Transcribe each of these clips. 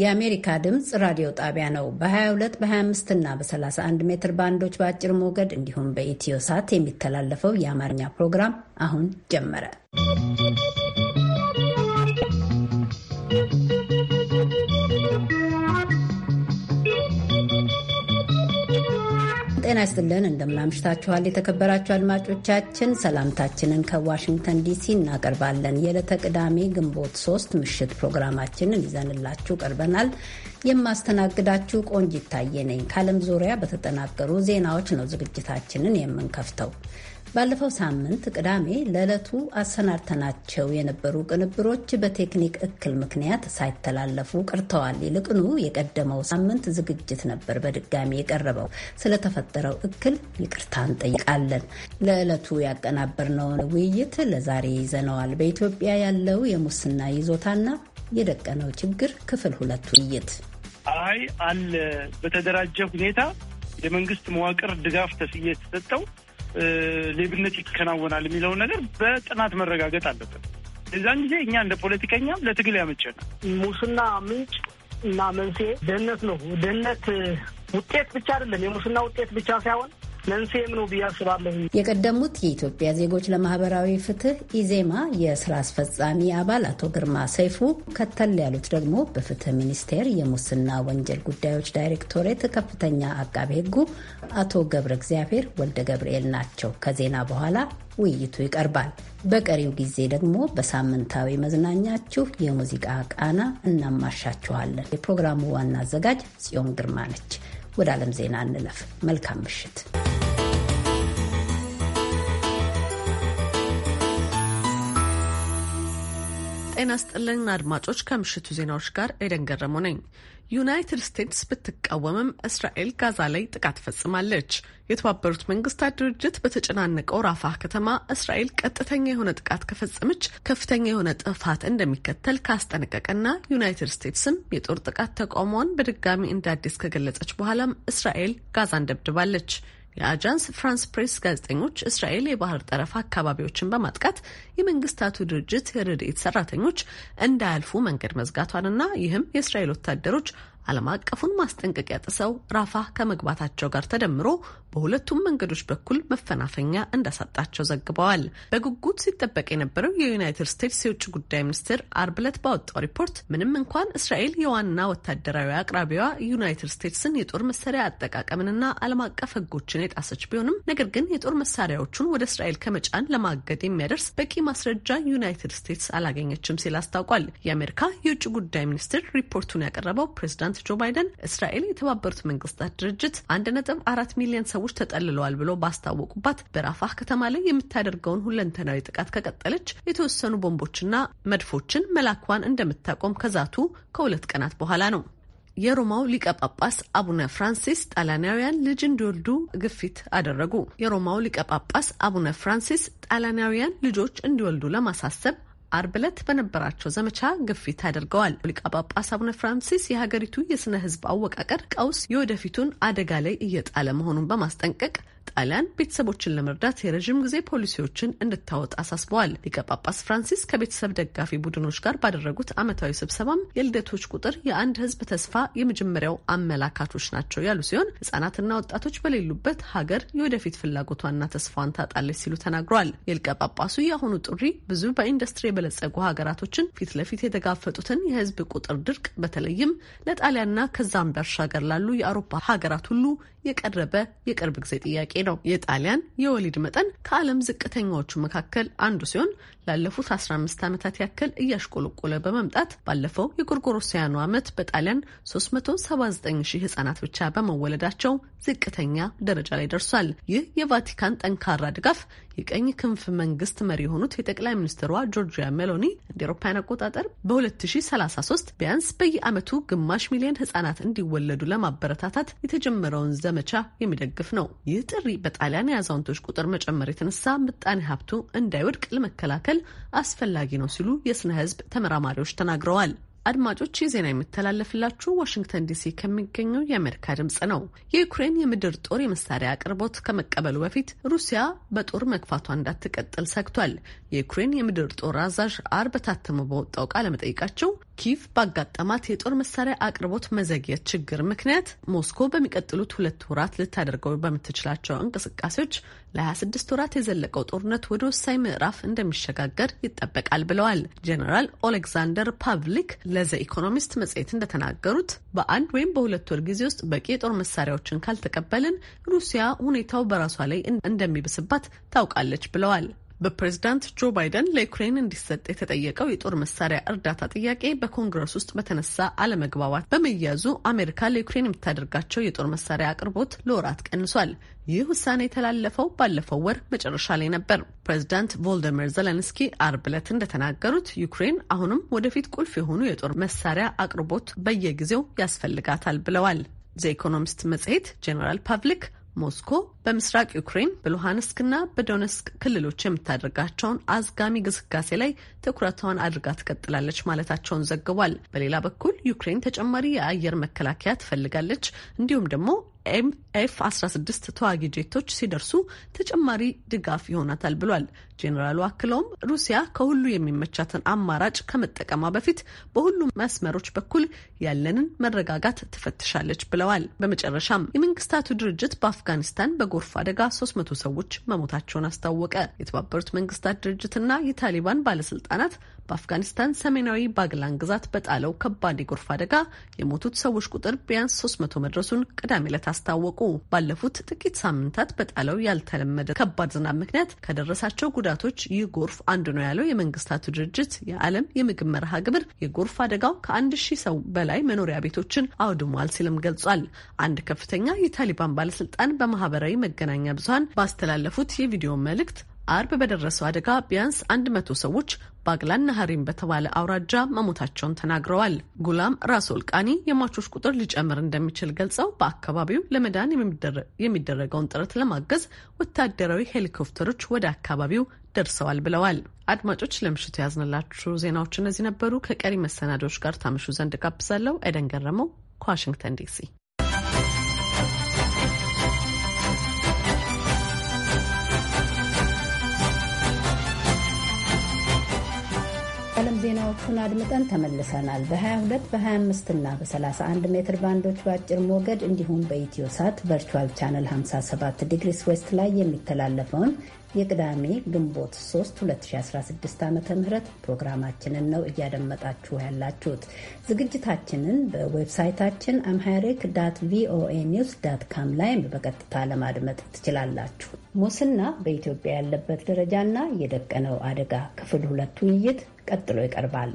የአሜሪካ ድምፅ ራዲዮ ጣቢያ ነው። በ22 በ25 እና በ31 ሜትር ባንዶች በአጭር ሞገድ እንዲሁም በኢትዮ ሳት የሚተላለፈው የአማርኛ ፕሮግራም አሁን ጀመረ። ጤና ይስጥልን እንደምናምሽታችኋል የተከበራችሁ አድማጮቻችን ሰላምታችንን ከዋሽንግተን ዲሲ እናቀርባለን የዕለተ ቅዳሜ ግንቦት ሶስት ምሽት ፕሮግራማችንን ይዘንላችሁ ቀርበናል የማስተናግዳችሁ ቆንጅ ይታየ ነኝ ከአለም ዙሪያ በተጠናቀሩ ዜናዎች ነው ዝግጅታችንን የምንከፍተው ባለፈው ሳምንት ቅዳሜ ለዕለቱ አሰናድተናቸው የነበሩ ቅንብሮች በቴክኒክ እክል ምክንያት ሳይተላለፉ ቀርተዋል። ይልቅኑ የቀደመው ሳምንት ዝግጅት ነበር በድጋሚ የቀረበው። ስለተፈጠረው እክል ይቅርታ እንጠይቃለን። ለዕለቱ ያቀናበርነውን ውይይት ለዛሬ ይዘነዋል። በኢትዮጵያ ያለው የሙስና ይዞታና የደቀነው ችግር ክፍል ሁለት ውይይት አይ አለ በተደራጀ ሁኔታ የመንግስት መዋቅር ድጋፍ ተስዬ የተሰጠው ሌብነት ይከናወናል የሚለውን ነገር በጥናት መረጋገጥ አለበት። እዛን ጊዜ እኛ እንደ ፖለቲከኛም ለትግል ያመቸናል። ሙስና ምንጭ እና መንስኤ ድህነት ነው። ደህነት ውጤት ብቻ አይደለም፣ የሙስና ውጤት ብቻ ሳይሆን መንስኤም ነው ብዬ አስባለሁ። የቀደሙት የኢትዮጵያ ዜጎች ለማህበራዊ ፍትህ ኢዜማ የስራ አስፈጻሚ አባል አቶ ግርማ ሰይፉ፣ ከተል ያሉት ደግሞ በፍትህ ሚኒስቴር የሙስና ወንጀል ጉዳዮች ዳይሬክቶሬት ከፍተኛ አቃቤ ህጉ አቶ ገብረ እግዚአብሔር ወልደ ገብርኤል ናቸው። ከዜና በኋላ ውይይቱ ይቀርባል። በቀሪው ጊዜ ደግሞ በሳምንታዊ መዝናኛችሁ የሙዚቃ ቃና እናማሻችኋለን። የፕሮግራሙ ዋና አዘጋጅ ጽዮን ግርማ ነች። ወደ ዓለም ዜና እንለፍ። መልካም ምሽት። ጤና ስጥልኝ አድማጮች፣ ከምሽቱ ዜናዎች ጋር ኤደን ገረሙ ነኝ። ዩናይትድ ስቴትስ ብትቃወምም እስራኤል ጋዛ ላይ ጥቃት ፈጽማለች። የተባበሩት መንግስታት ድርጅት በተጨናነቀው ራፋ ከተማ እስራኤል ቀጥተኛ የሆነ ጥቃት ከፈጸመች ከፍተኛ የሆነ ጥፋት እንደሚከተል ካስጠነቀቀና ዩናይትድ ስቴትስም የጦር ጥቃት ተቃውሟን በድጋሚ እንደ አዲስ ከገለጸች በኋላም እስራኤል ጋዛን ደብድባለች። የአጃንስ ፍራንስ ፕሬስ ጋዜጠኞች እስራኤል የባህር ጠረፍ አካባቢዎችን በማጥቃት የመንግስታቱ ድርጅት የረድኤት ሰራተኞች እንዳያልፉ መንገድ መዝጋቷንና ይህም የእስራኤል ወታደሮች ዓለም አቀፉን ማስጠንቀቂያ ጥሰው ራፋ ከመግባታቸው ጋር ተደምሮ በሁለቱም መንገዶች በኩል መፈናፈኛ እንዳሳጣቸው ዘግበዋል። በጉጉት ሲጠበቅ የነበረው የዩናይትድ ስቴትስ የውጭ ጉዳይ ሚኒስትር አርብ ዕለት ባወጣው ሪፖርት ምንም እንኳን እስራኤል የዋና ወታደራዊ አቅራቢዋ ዩናይትድ ስቴትስን የጦር መሳሪያ አጠቃቀምንና ዓለም አቀፍ ሕጎችን የጣሰች ቢሆንም ነገር ግን የጦር መሳሪያዎቹን ወደ እስራኤል ከመጫን ለማገድ የሚያደርስ በቂ ማስረጃ ዩናይትድ ስቴትስ አላገኘችም ሲል አስታውቋል። የአሜሪካ የውጭ ጉዳይ ሚኒስትር ሪፖርቱን ያቀረበው ፕሬዚዳንት ፕሬዚዳንት ጆ ባይደን እስራኤል የተባበሩት መንግስታት ድርጅት አንድ ነጥብ አራት ሚሊዮን ሰዎች ተጠልለዋል ብሎ ባስታወቁባት በራፋህ ከተማ ላይ የምታደርገውን ሁለንተናዊ ጥቃት ከቀጠለች የተወሰኑ ቦምቦችና መድፎችን መላኳን እንደምታቆም ከዛቱ ከሁለት ቀናት በኋላ ነው። የሮማው ሊቀ ጳጳስ አቡነ ፍራንሲስ ጣሊያናውያን ልጅ እንዲወልዱ ግፊት አደረጉ። የሮማው ሊቀ ጳጳስ አቡነ ፍራንሲስ ጣሊያናውያን ልጆች እንዲወልዱ ለማሳሰብ አርብ ዕለት በነበራቸው ዘመቻ ግፊት አድርገዋል። ሊቃ ጳጳስ አቡነ ፍራንሲስ የሀገሪቱ የስነ ህዝብ አወቃቀር ቀውስ የወደፊቱን አደጋ ላይ እየጣለ መሆኑን በማስጠንቀቅ ጣሊያን ቤተሰቦችን ለመርዳት የረዥም ጊዜ ፖሊሲዎችን እንድታወጥ አሳስበዋል። ሊቀ ጳጳስ ፍራንሲስ ከቤተሰብ ደጋፊ ቡድኖች ጋር ባደረጉት ዓመታዊ ስብሰባም የልደቶች ቁጥር የአንድ ሕዝብ ተስፋ የመጀመሪያው አመላካቶች ናቸው ያሉ ሲሆን ሕጻናትና ወጣቶች በሌሉበት ሀገር የወደፊት ፍላጎቷና ተስፋዋን ታጣለች ሲሉ ተናግረዋል። የሊቀ ጳጳሱ የአሁኑ ጥሪ ብዙ በኢንዱስትሪ የበለጸጉ ሀገራቶችን ፊት ለፊት የተጋፈጡትን የህዝብ ቁጥር ድርቅ በተለይም ለጣሊያንና ከዛም ባሻገር ላሉ የአውሮፓ ሀገራት ሁሉ የቀረበ የቅርብ ጊዜ ጥያቄ ነው። ነው። የጣሊያን የወሊድ መጠን ከዓለም ዝቅተኛዎቹ መካከል አንዱ ሲሆን ላለፉት 15 ዓመታት ያክል እያሽቆለቆለ በመምጣት ባለፈው የጎርጎሮስያኑ ዓመት በጣሊያን 379 ሺህ ህጻናት ብቻ በመወለዳቸው ዝቅተኛ ደረጃ ላይ ደርሷል። ይህ የቫቲካን ጠንካራ ድጋፍ የቀኝ ክንፍ መንግስት መሪ የሆኑት የጠቅላይ ሚኒስትሯ ጆርጂያ ሜሎኒ እንደ አውሮፓውያን አቆጣጠር በ2033 ቢያንስ በየዓመቱ ግማሽ ሚሊዮን ህጻናት እንዲወለዱ ለማበረታታት የተጀመረውን ዘመቻ የሚደግፍ ነው። ይህ ጥሪ በጣሊያን የአዛውንቶች ቁጥር መጨመር የተነሳ ምጣኔ ሀብቱ እንዳይወድቅ ለመከላከል መከላከል አስፈላጊ ነው ሲሉ የስነ ህዝብ ተመራማሪዎች ተናግረዋል። አድማጮች ይህ ዜና የሚተላለፍላችሁ ዋሽንግተን ዲሲ ከሚገኘው የአሜሪካ ድምጽ ነው። የዩክሬን የምድር ጦር የመሳሪያ አቅርቦት ከመቀበሉ በፊት ሩሲያ በጦር መግፋቷ እንዳትቀጥል ሰግቷል። የዩክሬን የምድር ጦር አዛዥ አርብ ታትሞ በወጣው ቃለ መጠይቃቸው ኪቭ ባጋጠማት የጦር መሳሪያ አቅርቦት መዘግየት ችግር ምክንያት ሞስኮ በሚቀጥሉት ሁለት ወራት ልታደርገው በምትችላቸው እንቅስቃሴዎች ለ26 ወራት የዘለቀው ጦርነት ወደ ወሳኝ ምዕራፍ እንደሚሸጋገር ይጠበቃል ብለዋል። ጄኔራል ኦሌክዛንደር ፓቭሊክ ለዘ ኢኮኖሚስት መጽሔት እንደተናገሩት በአንድ ወይም በሁለት ወር ጊዜ ውስጥ በቂ የጦር መሳሪያዎችን ካልተቀበልን ሩሲያ ሁኔታው በራሷ ላይ እንደሚብስባት ታውቃለች ብለዋል። በፕሬዝዳንት ጆ ባይደን ለዩክሬን እንዲሰጥ የተጠየቀው የጦር መሳሪያ እርዳታ ጥያቄ በኮንግረስ ውስጥ በተነሳ አለመግባባት በመያዙ አሜሪካ ለዩክሬን የምታደርጋቸው የጦር መሳሪያ አቅርቦት ለወራት ቀንሷል። ይህ ውሳኔ የተላለፈው ባለፈው ወር መጨረሻ ላይ ነበር። ፕሬዚዳንት ቮልደሚር ዘለንስኪ አርብ ዕለት እንደተናገሩት ዩክሬን አሁንም ወደፊት ቁልፍ የሆኑ የጦር መሳሪያ አቅርቦት በየጊዜው ያስፈልጋታል ብለዋል። ዘ ኢኮኖሚስት መጽሔት ጄኔራል ፓብሊክ ሞስኮ በምስራቅ ዩክሬን በሉሃንስክና በዶነስክ ክልሎች የምታደርጋቸውን አዝጋሚ ግስጋሴ ላይ ትኩረቷን አድርጋ ትቀጥላለች ማለታቸውን ዘግቧል። በሌላ በኩል ዩክሬን ተጨማሪ የአየር መከላከያ ትፈልጋለች፣ እንዲሁም ደግሞ ኤምኤፍ 16 ተዋጊ ጄቶች ሲደርሱ ተጨማሪ ድጋፍ ይሆናታል ብሏል። ጄኔራሉ አክለውም ሩሲያ ከሁሉ የሚመቻትን አማራጭ ከመጠቀሟ በፊት በሁሉም መስመሮች በኩል ያለንን መረጋጋት ትፈትሻለች ብለዋል። በመጨረሻም የመንግስታቱ ድርጅት በአፍጋኒስታን በጎርፍ አደጋ 300 ሰዎች መሞታቸውን አስታወቀ። የተባበሩት መንግስታት ድርጅትና የታሊባን ባለስልጣናት በአፍጋኒስታን ሰሜናዊ ባግላን ግዛት በጣለው ከባድ የጎርፍ አደጋ የሞቱት ሰዎች ቁጥር ቢያንስ 300 መድረሱን ቅዳሜ ዕለት አስታወቁ። ባለፉት ጥቂት ሳምንታት በጣለው ያልተለመደ ከባድ ዝናብ ምክንያት ከደረሳቸው ጉዳቶች ይህ ጎርፍ አንዱ ነው ያለው የመንግስታቱ ድርጅት የዓለም የምግብ መርሃ ግብር የጎርፍ አደጋው ከአንድ ሺህ ሰው በላይ መኖሪያ ቤቶችን አውድሟል ሲልም ገልጿል። አንድ ከፍተኛ የታሊባን ባለስልጣን በማህበራዊ መገናኛ ብዙሀን ባስተላለፉት የቪዲዮ መልእክት አርብ በደረሰው አደጋ ቢያንስ 100 ሰዎች ባግላን ናሃሪም በተባለ አውራጃ መሞታቸውን ተናግረዋል። ጉላም ራስ ወልቃኒ የሟቾች ቁጥር ሊጨምር እንደሚችል ገልጸው በአካባቢው ለመዳን የሚደረገውን ጥረት ለማገዝ ወታደራዊ ሄሊኮፕተሮች ወደ አካባቢው ደርሰዋል ብለዋል። አድማጮች ለምሽቱ ያዝንላችሁ ዜናዎች እነዚህ ነበሩ። ከቀሪ መሰናዶዎች ጋር ታምሹ ዘንድ ጋብዛለሁ። ኤደን ገረመው ከዋሽንግተን ዲሲ ዜናዎቹን አድምጠን ተመልሰናል። በ22 በ25 እና በ31 ሜትር ባንዶች በአጭር ሞገድ እንዲሁም በኢትዮ ሳት ቨርቹዋል ቻነል 57 ዲግሪስ ዌስት ላይ የሚተላለፈውን የቅዳሜ ግንቦት 3 2016 ዓ ም ፕሮግራማችንን ነው እያደመጣችሁ ያላችሁት። ዝግጅታችንን በዌብሳይታችን አምሃሪክ ዳት ቪኦኤ ኒውስ ዳት ካም ላይ በቀጥታ ለማድመጥ ትችላላችሁ። ሙስና በኢትዮጵያ ያለበት ደረጃና የደቀነው አደጋ ክፍል ሁለት ውይይት ቀጥሎ ይቀርባል።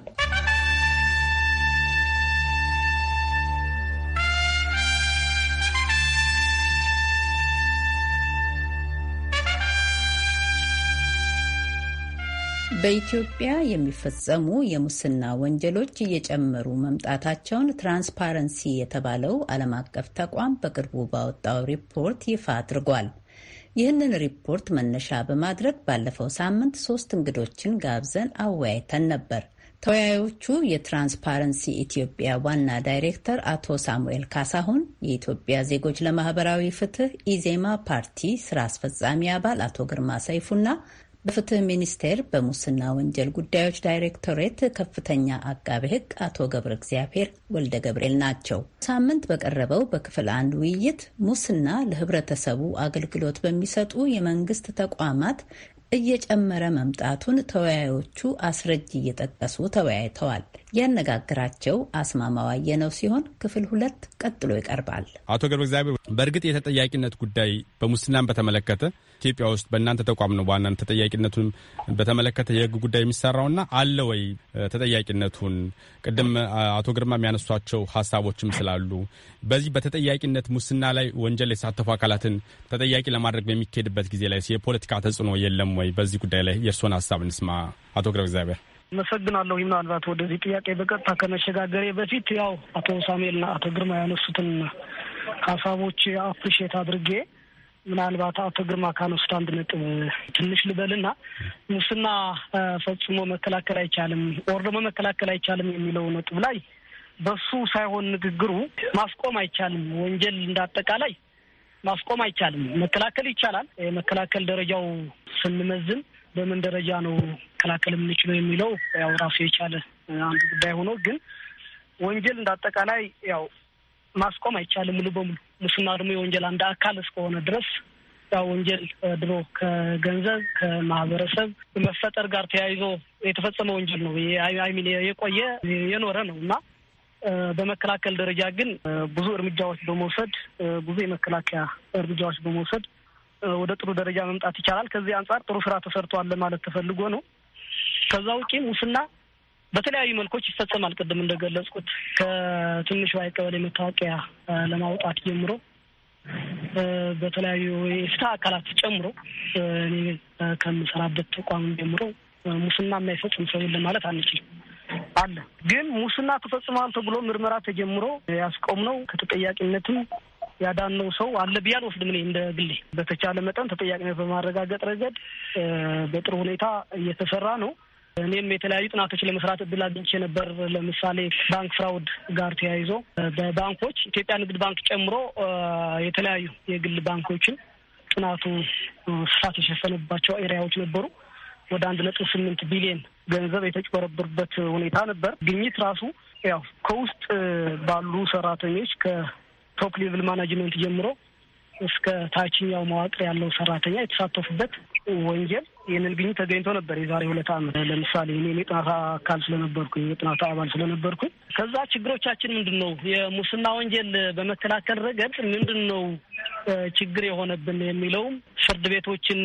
በኢትዮጵያ የሚፈጸሙ የሙስና ወንጀሎች እየጨመሩ መምጣታቸውን ትራንስፓረንሲ የተባለው ዓለም አቀፍ ተቋም በቅርቡ ባወጣው ሪፖርት ይፋ አድርጓል። ይህንን ሪፖርት መነሻ በማድረግ ባለፈው ሳምንት ሶስት እንግዶችን ጋብዘን አወያይተን ነበር። ተወያዮቹ የትራንስፓረንሲ ኢትዮጵያ ዋና ዳይሬክተር አቶ ሳሙኤል ካሳሁን፣ የኢትዮጵያ ዜጎች ለማህበራዊ ፍትህ ኢዜማ ፓርቲ ስራ አስፈጻሚ አባል አቶ ግርማ ሰይፉና በፍትህ ሚኒስቴር በሙስና ወንጀል ጉዳዮች ዳይሬክቶሬት ከፍተኛ አቃቤ ሕግ አቶ ገብረ እግዚአብሔር ወልደ ገብርኤል ናቸው። ሳምንት በቀረበው በክፍል አንድ ውይይት ሙስና ለህብረተሰቡ አገልግሎት በሚሰጡ የመንግስት ተቋማት እየጨመረ መምጣቱን ተወያዮቹ አስረጅ እየጠቀሱ ተወያይተዋል። ያነጋግራቸው አስማማው አየነው ሲሆን ክፍል ሁለት ቀጥሎ ይቀርባል። አቶ ገብረ እግዚአብሔር፣ በእርግጥ የተጠያቂነት ጉዳይ በሙስናን በተመለከተ ኢትዮጵያ ውስጥ በእናንተ ተቋም ነው በዋናን ተጠያቂነቱን በተመለከተ የህግ ጉዳይ የሚሰራውና አለ ወይ ተጠያቂነቱን ቅድም አቶ ግርማ የሚያነሷቸው ሀሳቦችም ስላሉ በዚህ በተጠያቂነት ሙስና ላይ ወንጀል የተሳተፉ አካላትን ተጠያቂ ለማድረግ በሚካሄድበት ጊዜ ላይ የፖለቲካ ተጽዕኖ የለም ወይ? በዚህ ጉዳይ ላይ የእርስዎን ሀሳብ እንስማ። አቶ ግረብ እግዚአብሔር አመሰግናለሁ። ምናልባት ወደዚህ ጥያቄ በቀጥታ ከመሸጋገሬ በፊት ያው አቶ ሳሙኤልና አቶ ግርማ ያነሱትን ሀሳቦች አፕሪሼት አድርጌ ምናልባት አቶ ግርማ ካነሱት አንድ ነጥብ ትንሽ ልበልና ሙስና ፈጽሞ መከላከል አይቻልም ኦር ደግሞ መከላከል አይቻልም የሚለው ነጥብ ላይ በሱ ሳይሆን ንግግሩ ማስቆም አይቻልም፣ ወንጀል እንዳጠቃላይ ማስቆም አይቻልም። መከላከል ይቻላል። የመከላከል ደረጃው ስንመዝን በምን ደረጃ ነው መከላከል የምንችለው የሚለው ያው ራሱ የቻለ አንዱ ጉዳይ ሆኖ ግን ወንጀል እንደ አጠቃላይ ያው ማስቆም አይቻልም ሙሉ በሙሉ። ሙስና ደግሞ የወንጀል አንድ አካል እስከሆነ ድረስ ያው ወንጀል ድሮ ከገንዘብ ከማህበረሰብ መፈጠር ጋር ተያይዞ የተፈጸመ ወንጀል ነው አይሚን የቆየ የኖረ ነው እና በመከላከል ደረጃ ግን ብዙ እርምጃዎች በመውሰድ ብዙ የመከላከያ እርምጃዎች በመውሰድ ወደ ጥሩ ደረጃ መምጣት ይቻላል። ከዚህ አንጻር ጥሩ ስራ ተሰርቷል ለማለት ተፈልጎ ነው። ከዛ ውጪ ሙስና በተለያዩ መልኮች ይፈጸማል። ቅድም እንደገለጽኩት ዋይ ቀበሌ መታወቂያ ለማውጣት ጀምሮ በተለያዩ የፍትህ አካላት ጨምሮ እኔ ከምሰራበት ተቋም ጀምሮ ሙስና የማይፈጽም ሰው የለም ማለት አንችልም። አለ ግን ሙስና ተፈጽመዋል ተብሎ ምርመራ ተጀምሮ ያስቆምነው ከተጠያቂነትም ያዳነው ሰው አለ ብዬ አልወስድም። እኔ እንደ ግሌ በተቻለ መጠን ተጠያቂነት በማረጋገጥ ረገድ በጥሩ ሁኔታ እየተሰራ ነው። እኔም የተለያዩ ጥናቶች ለመስራት እድል አግኝቼ ነበር። ለምሳሌ ባንክ ፍራውድ ጋር ተያይዞ በባንኮች ኢትዮጵያ ንግድ ባንክ ጨምሮ የተለያዩ የግል ባንኮችን ጥናቱ ስፋት የሸፈነባቸው ኤሪያዎች ነበሩ። ወደ አንድ ነጥብ ስምንት ቢሊየን ገንዘብ የተጭበረብርበት ሁኔታ ነበር። ግኝት ራሱ ያው ከውስጥ ባሉ ሰራተኞች ቶፕ ሌቭል ማናጅመንት ጀምሮ እስከ ታችኛው መዋቅር ያለው ሰራተኛ የተሳተፉበት ወንጀል ይህንን ግኝ ተገኝቶ ነበር። የዛሬ ሁለት ዓመት ለምሳሌ እኔ የጥናት አካል ስለነበርኩኝ የጥናት አባል ስለነበርኩኝ ከዛ ችግሮቻችን ምንድን ነው የሙስና ወንጀል በመከላከል ረገድ ምንድን ነው ችግር የሆነብን የሚለውም ፍርድ ቤቶችን፣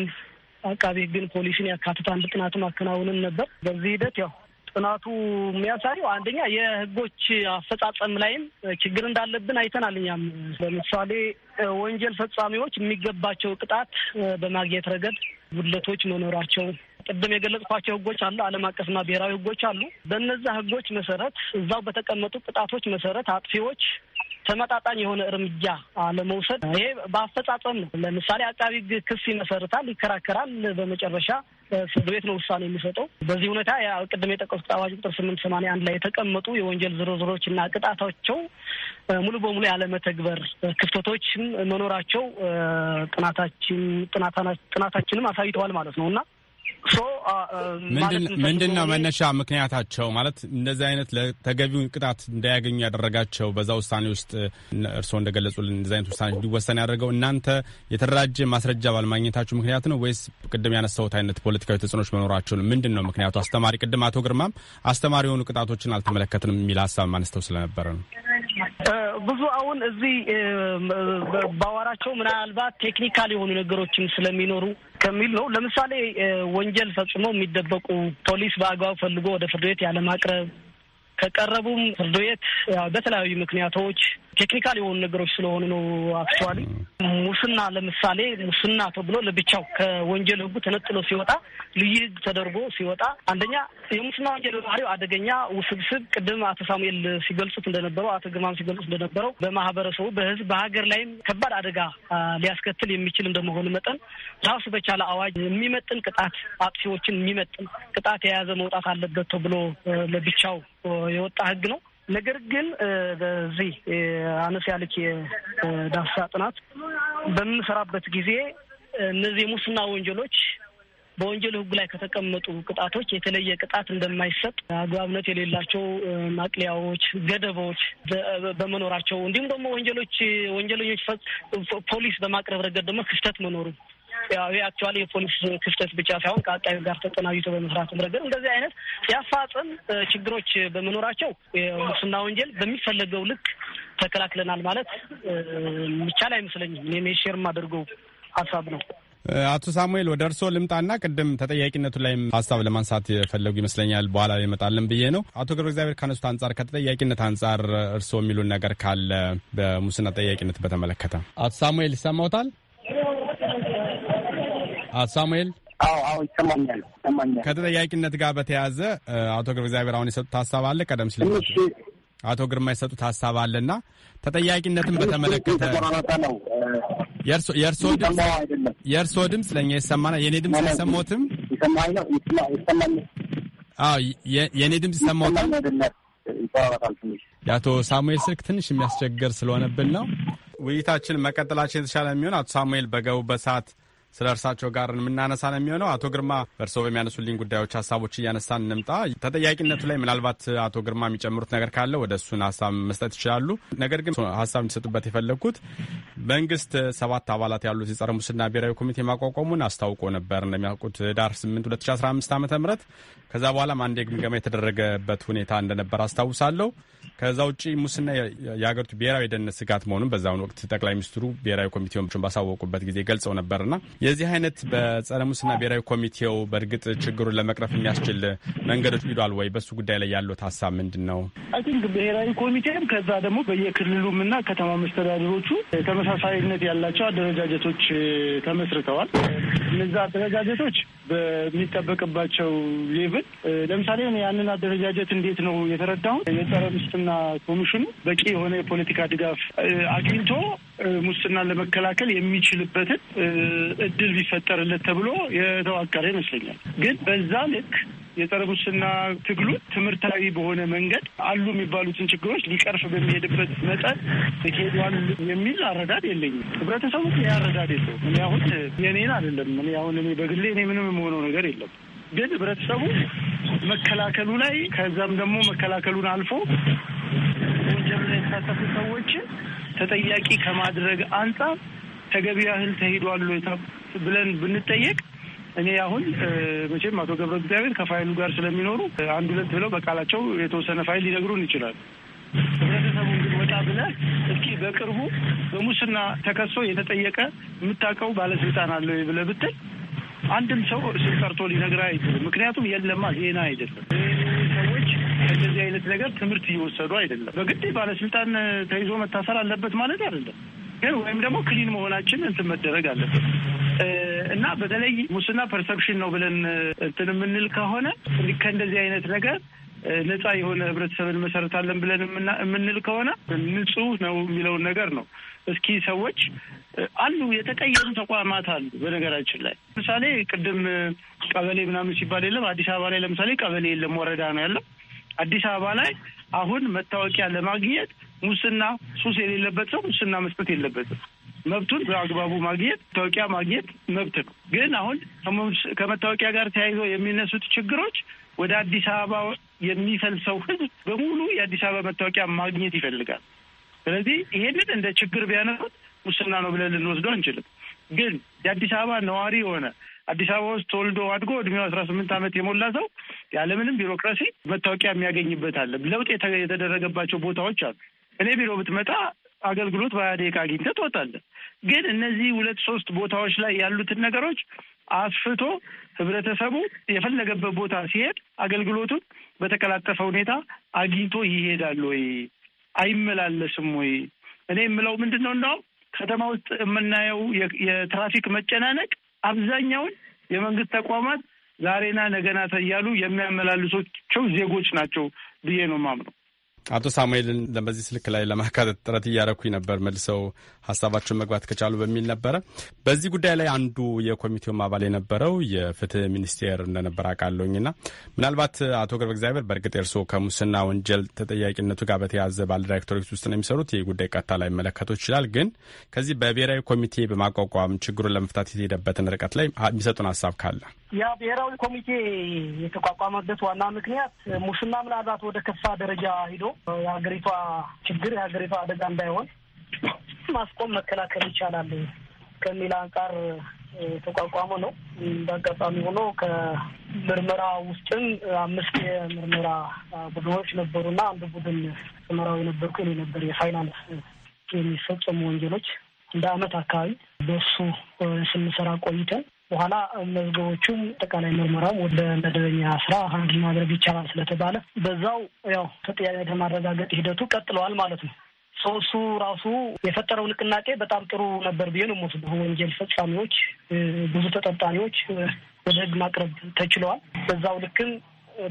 አቃቤ ሕግን፣ ፖሊስን ያካትት አንድ ጥናትም አከናውንን ነበር። በዚህ ሂደት ያው ጥናቱ የሚያሳየው አንደኛ የህጎች አፈጻጸም ላይም ችግር እንዳለብን አይተናል። እኛም ለምሳሌ ወንጀል ፈጻሚዎች የሚገባቸው ቅጣት በማግኘት ረገድ ጉድለቶች መኖራቸው ቅድም የገለጽኳቸው ህጎች አሉ። ዓለም አቀፍና ብሔራዊ ህጎች አሉ። በነዛ ህጎች መሰረት እዛው በተቀመጡ ቅጣቶች መሰረት አጥፊዎች ተመጣጣኝ የሆነ እርምጃ አለመውሰድ፣ ይሄ በአፈጻጸም ነው። ለምሳሌ አቃቢ ክስ ይመሰርታል፣ ይከራከራል። በመጨረሻ ፍርድ ቤት ነው ውሳኔ የሚሰጠው። በዚህ ሁኔታ ቅድም የጠቀሱ አዋጅ ቁጥር ስምንት ሰማንያ አንድ ላይ የተቀመጡ የወንጀል ዝርዝሮች እና ቅጣታቸው ሙሉ በሙሉ ያለመተግበር ክፍተቶችም መኖራቸው ጥናታችን ጥናታችንም አሳይተዋል ማለት ነው እና Uh, uh, ምንድን ነው መነሻ ምክንያታቸው? ማለት እንደዚህ አይነት ለተገቢው ቅጣት እንዳያገኙ ያደረጋቸው በዛ ውሳኔ ውስጥ እርስዎ እንደገለጹልን እንደዚህ አይነት ውሳኔ እንዲወሰን ያደረገው እናንተ የተደራጀ ማስረጃ ባለማግኘታቸው ምክንያት ነው ወይስ ቅድም ያነሳሁት አይነት ፖለቲካዊ ተጽዕኖች መኖራቸው? ምንድን ነው ምክንያቱ? አስተማሪ ቅድም አቶ ግርማም አስተማሪ የሆኑ ቅጣቶችን አልተመለከትንም የሚል ሀሳብ አንስተው ስለነበረ ነው። ብዙ አሁን እዚህ ባወራቸው ምናልባት ቴክኒካል የሆኑ ነገሮችም ስለሚኖሩ ከሚል ነው። ለምሳሌ ወንጀል ፈጽሞ የሚደበቁ ፖሊስ በአግባብ ፈልጎ ወደ ፍርድ ቤት ያለማቅረብ ከቀረቡም ፍርድ ቤት በተለያዩ ምክንያቶች ቴክኒካል የሆኑ ነገሮች ስለሆኑ ነው። አክቹዋሊ ሙስና ለምሳሌ ሙስና ተብሎ ለብቻው ከወንጀል ህጉ ተነጥሎ ሲወጣ ልዩ ህግ ተደርጎ ሲወጣ አንደኛ የሙስና ወንጀል ባህሪው አደገኛ፣ ውስብስብ ቅድም አቶ ሳሙኤል ሲገልጹት እንደነበረው አቶ ግርማም ሲገልጹት እንደነበረው በማህበረሰቡ በህዝብ በሀገር ላይም ከባድ አደጋ ሊያስከትል የሚችል እንደመሆኑ መጠን ራሱ በቻለ አዋጅ የሚመጥን ቅጣት አጥፊዎችን የሚመጥን ቅጣት የያዘ መውጣት አለበት ተብሎ ለብቻው የወጣ ህግ ነው። ነገር ግን በዚህ አነስ ያለች የዳሳ ጥናት በምንሰራበት ጊዜ እነዚህ የሙስና ወንጀሎች በወንጀል ሕጉ ላይ ከተቀመጡ ቅጣቶች የተለየ ቅጣት እንደማይሰጥ አግባብነት የሌላቸው ማቅለያዎች፣ ገደቦች በመኖራቸው እንዲሁም ደግሞ ወንጀሎች ወንጀለኞች ፖሊስ በማቅረብ ረገድ ደግሞ ክፍተት መኖሩ ይህ አክቹዋሊ የፖሊስ ክፍተት ብቻ ሳይሆን ከአቃቢ ጋር ተጠናጅቶ በመስራት ረገድ እንደዚህ አይነት ያፋጥን ችግሮች በመኖራቸው የሙስና ወንጀል በሚፈለገው ልክ ተከላክለናል ማለት የሚቻል አይመስለኝም። እኔም ሼር የማደርገው ሀሳብ ነው። አቶ ሳሙኤል ወደ እርስዎ ልምጣና ቅድም ተጠያቂነቱ ላይም ሀሳብ ለማንሳት የፈለጉ ይመስለኛል። በኋላ ይመጣለን ብዬ ነው። አቶ ገብረ እግዚአብሔር ካነሱት አንጻር ከተጠያቂነት አንጻር እርስዎ የሚሉን ነገር ካለ በሙስና ተጠያቂነት በተመለከተ አቶ ሳሙኤል ይሰማውታል? ሳሙኤል አዎ አዎ ይሰማኛል ይሰማኛል። ከተጠያቂነት ጋር በተያያዘ አቶ ግርማ እግዚአብሔር አሁን የሰጡት ሀሳብ አለ። ቀደም ሲል አቶ ግርማ የሰጡት ሀሳብ አለ አለና ተጠያቂነትን በተመለከተ ነው የእርስዎ ድምፅ ለእኛ ይሰማናል። የእኔ ድምፅ አይሰማዎትም? የእኔ ድምፅ ይሰማዎታል? የአቶ ሳሙኤል ስልክ ትንሽ የሚያስቸግር ስለሆነብን ነው። ውይይታችን መቀጠላችን የተሻለ የሚሆን አቶ ሳሙኤል በገቡበት ሰዓት ስለ እርሳቸው ጋር የምናነሳ ነው የሚሆነው። አቶ ግርማ እርስዎ በሚያነሱልኝ ጉዳዮች ሀሳቦች እያነሳን እንምጣ። ተጠያቂነቱ ላይ ምናልባት አቶ ግርማ የሚጨምሩት ነገር ካለ ወደ እሱን ሀሳብ መስጠት ይችላሉ። ነገር ግን ሀሳብ እንዲሰጡበት የፈለግኩት መንግስት ሰባት አባላት ያሉት የጸረ ሙስና ብሔራዊ ኮሚቴ ማቋቋሙን አስታውቆ ነበር። እንደሚያውቁት ዳር 8 2015 ዓ ም ከዛ በኋላም አንድ የግምገማ የተደረገበት ሁኔታ እንደነበር አስታውሳለሁ። ከዛ ውጭ ሙስና የሀገሪቱ ብሔራዊ የደህንነት ስጋት መሆኑን በዛውን ወቅት ጠቅላይ ሚኒስትሩ ብሔራዊ ኮሚቴውን ባሳወቁበት ጊዜ ገልጸው ነበርና የዚህ አይነት በጸረ ሙስና ብሔራዊ ኮሚቴው በእርግጥ ችግሩን ለመቅረፍ የሚያስችል መንገዶች ቢሏል ወይ? በሱ ጉዳይ ላይ ያለው ሀሳብ ምንድን ነው? አይ ቲንክ ብሔራዊ ኮሚቴም ከዛ ደግሞ በየክልሉም እና ከተማ መስተዳድሮቹ ተመሳሳይነት ያላቸው አደረጃጀቶች ተመስርተዋል። እነዛ አደረጃጀቶች በሚጠበቅባቸው ሌቭል ግን ለምሳሌ ያንን አደረጃጀት እንዴት ነው የተረዳሁት? የጸረ ሙስና ኮሚሽኑ በቂ የሆነ የፖለቲካ ድጋፍ አግኝቶ ሙስናን ለመከላከል የሚችልበትን እድል ቢፈጠርለት ተብሎ የተዋቀረ ይመስለኛል። ግን በዛ ልክ የጸረ ሙስና ትግሉ ትምህርታዊ በሆነ መንገድ አሉ የሚባሉትን ችግሮች ሊቀርፍ በሚሄድበት መጠን ሄዷል የሚል አረዳድ የለኝም። ህብረተሰቡ ያረዳድ የለው። እኔ አሁን የኔን አይደለም። እኔ አሁን እኔ በግሌ እኔ ምንም የምሆነው ነገር የለም። ግን ህብረተሰቡ መከላከሉ ላይ ከዛም ደግሞ መከላከሉን አልፎ ወንጀሉ ላይ የተሳተፉ ሰዎችን ተጠያቂ ከማድረግ አንጻር ተገቢ ያህል ተሂዷል ብለን ብንጠየቅ እኔ አሁን መቼም አቶ ገብረ እግዚአብሔር ከፋይሉ ጋር ስለሚኖሩ አንድ ሁለት ብለው በቃላቸው የተወሰነ ፋይል ሊነግሩን ይችላል። ህብረተሰቡ ግን ወጣ ብለህ እስኪ በቅርቡ በሙስና ተከሶ የተጠየቀ የምታውቀው ባለስልጣን አለ ብለህ ብትል አንድም ሰው ስል ጠርቶ ሊነግር አይችልም። ምክንያቱም የለማ ዜና አይደለም። ሰዎች እንደዚህ አይነት ነገር ትምህርት እየወሰዱ አይደለም። በግድ ባለስልጣን ተይዞ መታሰር አለበት ማለት አይደለም ግን ወይም ደግሞ ክሊን መሆናችን እንትን መደረግ አለበት እና በተለይ ሙስና ፐርሰፕሽን ነው ብለን እንትን የምንል ከሆነ ከእንደዚህ አይነት ነገር ነፃ የሆነ ህብረተሰብን መሰረታለን ብለን የምንል ከሆነ ንጹህ ነው የሚለውን ነገር ነው። እስኪ ሰዎች አሉ የተቀየሩ ተቋማት አሉ። በነገራችን ላይ ለምሳሌ ቅድም ቀበሌ ምናምን ሲባል የለም አዲስ አበባ ላይ ለምሳሌ ቀበሌ የለም፣ ወረዳ ነው ያለው። አዲስ አበባ ላይ አሁን መታወቂያ ለማግኘት ሙስና ሱስ የሌለበት ሰው ሙስና መስጠት የለበትም። መብቱን በአግባቡ ማግኘት መታወቂያ ማግኘት መብት ነው። ግን አሁን ከመታወቂያ ጋር ተያይዞ የሚነሱት ችግሮች ወደ አዲስ አበባ የሚፈልሰው ሕዝብ በሙሉ የአዲስ አበባ መታወቂያ ማግኘት ይፈልጋል። ስለዚህ ይሄንን እንደ ችግር ቢያነሱት ሙስና ነው ብለን ልንወስደው አንችልም። ግን የአዲስ አበባ ነዋሪ የሆነ አዲስ አበባ ውስጥ ተወልዶ አድጎ እድሜው አስራ ስምንት ዓመት የሞላ ሰው ያለምንም ቢሮክራሲ መታወቂያ የሚያገኝበት አለ። ለውጥ የተደረገባቸው ቦታዎች አሉ። እኔ ቢሮ ብትመጣ አገልግሎት በአዴቃ ደቂቃ አግኝተህ ትወጣለህ። ግን እነዚህ ሁለት ሶስት ቦታዎች ላይ ያሉትን ነገሮች አስፍቶ ህብረተሰቡ የፈለገበት ቦታ ሲሄድ አገልግሎቱን በተቀላጠፈ ሁኔታ አግኝቶ ይሄዳል ወይ አይመላለስም ወይ? እኔ የምለው ምንድን ነው፣ እንዳውም ከተማ ውስጥ የምናየው የትራፊክ መጨናነቅ አብዛኛውን የመንግስት ተቋማት ዛሬና ነገናት እያሉ የሚያመላልሶቸው ዜጎች ናቸው ብዬ ነው ማምነው። አቶ ሳሙኤልን ለበዚህ ስልክ ላይ ለማካተት ጥረት እያደረኩኝ ነበር። መልሰው ሀሳባቸውን መግባት ከቻሉ በሚል ነበረ። በዚህ ጉዳይ ላይ አንዱ የኮሚቴውም አባል የነበረው የፍትህ ሚኒስቴር እንደነበር አውቃለሁኝና ምናልባት አቶ ገብረ እግዚአብሔር በእርግጥ እርስዎ ከሙስና ወንጀል ተጠያቂነቱ ጋር በተያያዘ ባለ ዳይሬክቶሬት ውስጥ ነው የሚሰሩት። ይህ ጉዳይ ቀጥታ ላይ መለከቶ ይችላል። ግን ከዚህ በብሔራዊ ኮሚቴ በማቋቋም ችግሩን ለመፍታት የተሄደበትን ርቀት ላይ የሚሰጡን ሀሳብ ካለ ያ ብሔራዊ ኮሚቴ የተቋቋመበት ዋና ምክንያት ሙስና ምናልባት ወደ ከፋ ደረጃ ሂዶ የሀገሪቷ ችግር የሀገሪቷ አደጋ እንዳይሆን ማስቆም መከላከል ይቻላል ከሚል አንጻር የተቋቋመ ነው። በአጋጣሚ ሆኖ ከምርመራ ውስጥም አምስት የምርመራ ቡድኖች ነበሩና አንድ ቡድን ምርመራው የነበርኩ እኔ ነበር። የፋይናንስ የሚፈጸሙ ወንጀሎች እንደ አመት አካባቢ በሱ ስንሰራ ቆይተን በኋላ መዝገቦቹም አጠቃላይ ምርመራው ወደ መደበኛ ስራ ሀንድል ማድረግ ይቻላል ስለተባለ በዛው ያው ተጠያቂ ማረጋገጥ ሂደቱ ቀጥለዋል ማለት ነው። ሰው እሱ ራሱ የፈጠረው ንቅናቄ በጣም ጥሩ ነበር ብዬ ነው የምወስደው። ወንጀል ፈጻሚዎች፣ ብዙ ተጠርጣሪዎች ወደ ህግ ማቅረብ ተችለዋል። በዛው ልክም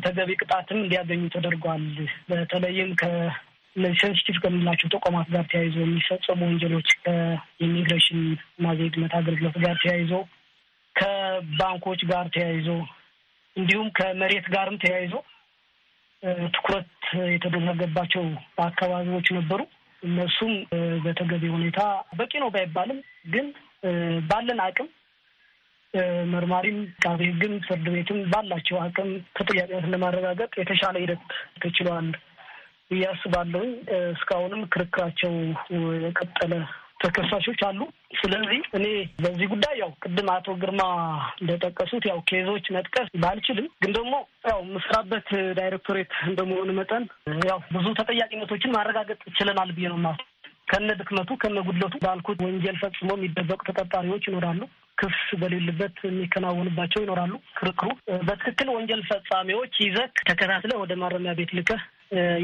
ተገቢ ቅጣትም እንዲያገኙ ተደርጓል። በተለይም ከእነዚህ ሴንሲቲቭ ከምንላቸው ተቋማት ጋር ተያይዞ የሚፈጸሙ ወንጀሎች ከኢሚግሬሽን እና አገልግሎት ጋር ተያይዞ ከባንኮች ጋር ተያይዞ እንዲሁም ከመሬት ጋርም ተያይዞ ትኩረት የተደረገባቸው አካባቢዎች ነበሩ። እነሱም በተገቢ ሁኔታ በቂ ነው ባይባልም ግን ባለን አቅም መርማሪም፣ ቃቢ ሕግም ፍርድ ቤትም ባላቸው አቅም ተጠያቂነትን ለማረጋገጥ የተሻለ ሂደት ተችሏል ብዬ አስባለሁኝ። እስካሁንም ክርክራቸው የቀጠለ ተከሳሾች አሉ። ስለዚህ እኔ በዚህ ጉዳይ ያው ቅድም አቶ ግርማ እንደጠቀሱት ያው ኬዞች መጥቀስ ባልችልም ግን ደግሞ ያው የምሰራበት ዳይሬክቶሬት እንደመሆኑ መጠን ያው ብዙ ተጠያቂነቶችን ማረጋገጥ ችለናል ብዬ ነው ማለት ከነ ድክመቱ ከነ ጉድለቱ ባልኩት ወንጀል ፈጽሞ የሚደበቁ ተጠርጣሪዎች ይኖራሉ። ክስ በሌለበት የሚከናወንባቸው ይኖራሉ። ክርክሩ በትክክል ወንጀል ፈጻሚዎች ይዘህ ተከታትለህ ወደ ማረሚያ ቤት ልከህ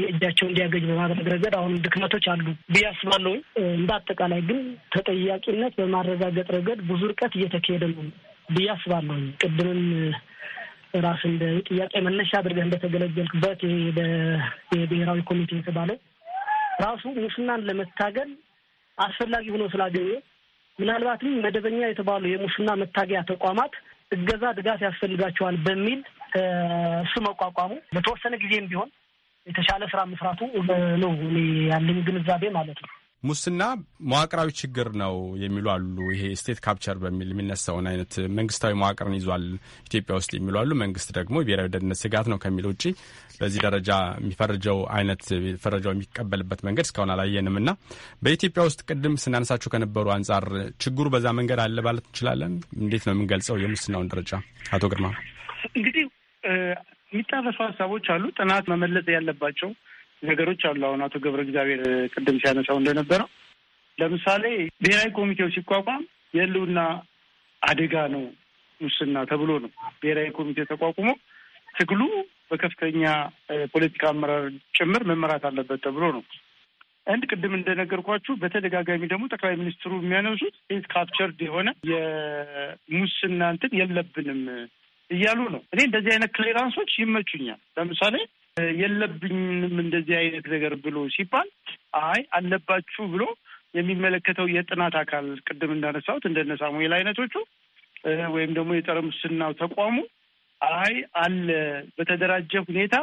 የእጃቸው እንዲያገኝ በማድረግ ረገድ አሁንም ድክመቶች አሉ ብዬ አስባለሁ። እንደ አጠቃላይ ግን ተጠያቂነት በማረጋገጥ ረገድ ብዙ ርቀት እየተካሄደ ነው ብዬ አስባለሁ። ቅድምም ራስ እንደ ጥያቄ መነሻ አድርገህ እንደተገለገልክበት የብሔራዊ ኮሚቴ የተባለው ራሱ ሙስናን ለመታገል አስፈላጊ ሆኖ ስላገኘ ምናልባትም መደበኛ የተባሉ የሙስና መታገያ ተቋማት እገዛ፣ ድጋፍ ያስፈልጋቸዋል በሚል እሱ መቋቋሙ በተወሰነ ጊዜም ቢሆን የተሻለ ስራ መስራቱ ነው ያለኝ ግንዛቤ ማለት ነው። ሙስና መዋቅራዊ ችግር ነው የሚሉ አሉ። ይሄ ስቴት ካፕቸር በሚል የሚነሳውን አይነት መንግስታዊ መዋቅርን ይዟል ኢትዮጵያ ውስጥ የሚሉ አሉ። መንግስት ደግሞ የብሔራዊ ደህንነት ስጋት ነው ከሚል ውጭ በዚህ ደረጃ የሚፈርጀው አይነት ፈረጃው የሚቀበልበት መንገድ እስካሁን አላየንም እና በኢትዮጵያ ውስጥ ቅድም ስናነሳቸው ከነበሩ አንጻር ችግሩ በዛ መንገድ አለ ማለት እንችላለን። እንዴት ነው የምንገልጸው የሙስናውን ደረጃ አቶ ግርማ? እንግዲህ የሚጣረሱ ሀሳቦች አሉ። ጥናት መመለስ ያለባቸው ነገሮች አሉ። አሁን አቶ ገብረ እግዚአብሔር ቅድም ሲያነሳው እንደነበረው ለምሳሌ ብሔራዊ ኮሚቴው ሲቋቋም የህልውና አደጋ ነው ሙስና ተብሎ ነው ብሔራዊ ኮሚቴ ተቋቁሞ ትግሉ በከፍተኛ ፖለቲካ አመራር ጭምር መመራት አለበት ተብሎ ነው። አንድ ቅድም እንደነገርኳችሁ በተደጋጋሚ ደግሞ ጠቅላይ ሚኒስትሩ የሚያነሱት ኢት ካፕቸርድ የሆነ የሙስና እንትን የለብንም እያሉ ነው። እኔ እንደዚህ አይነት ክሌራንሶች ይመቹኛል። ለምሳሌ የለብኝም እንደዚህ አይነት ነገር ብሎ ሲባል አይ አለባችሁ ብሎ የሚመለከተው የጥናት አካል ቅድም እንዳነሳሁት እንደነ ሳሙኤል አይነቶቹ ወይም ደግሞ የጸረ ሙስናው ተቋሙ አይ አለ በተደራጀ ሁኔታ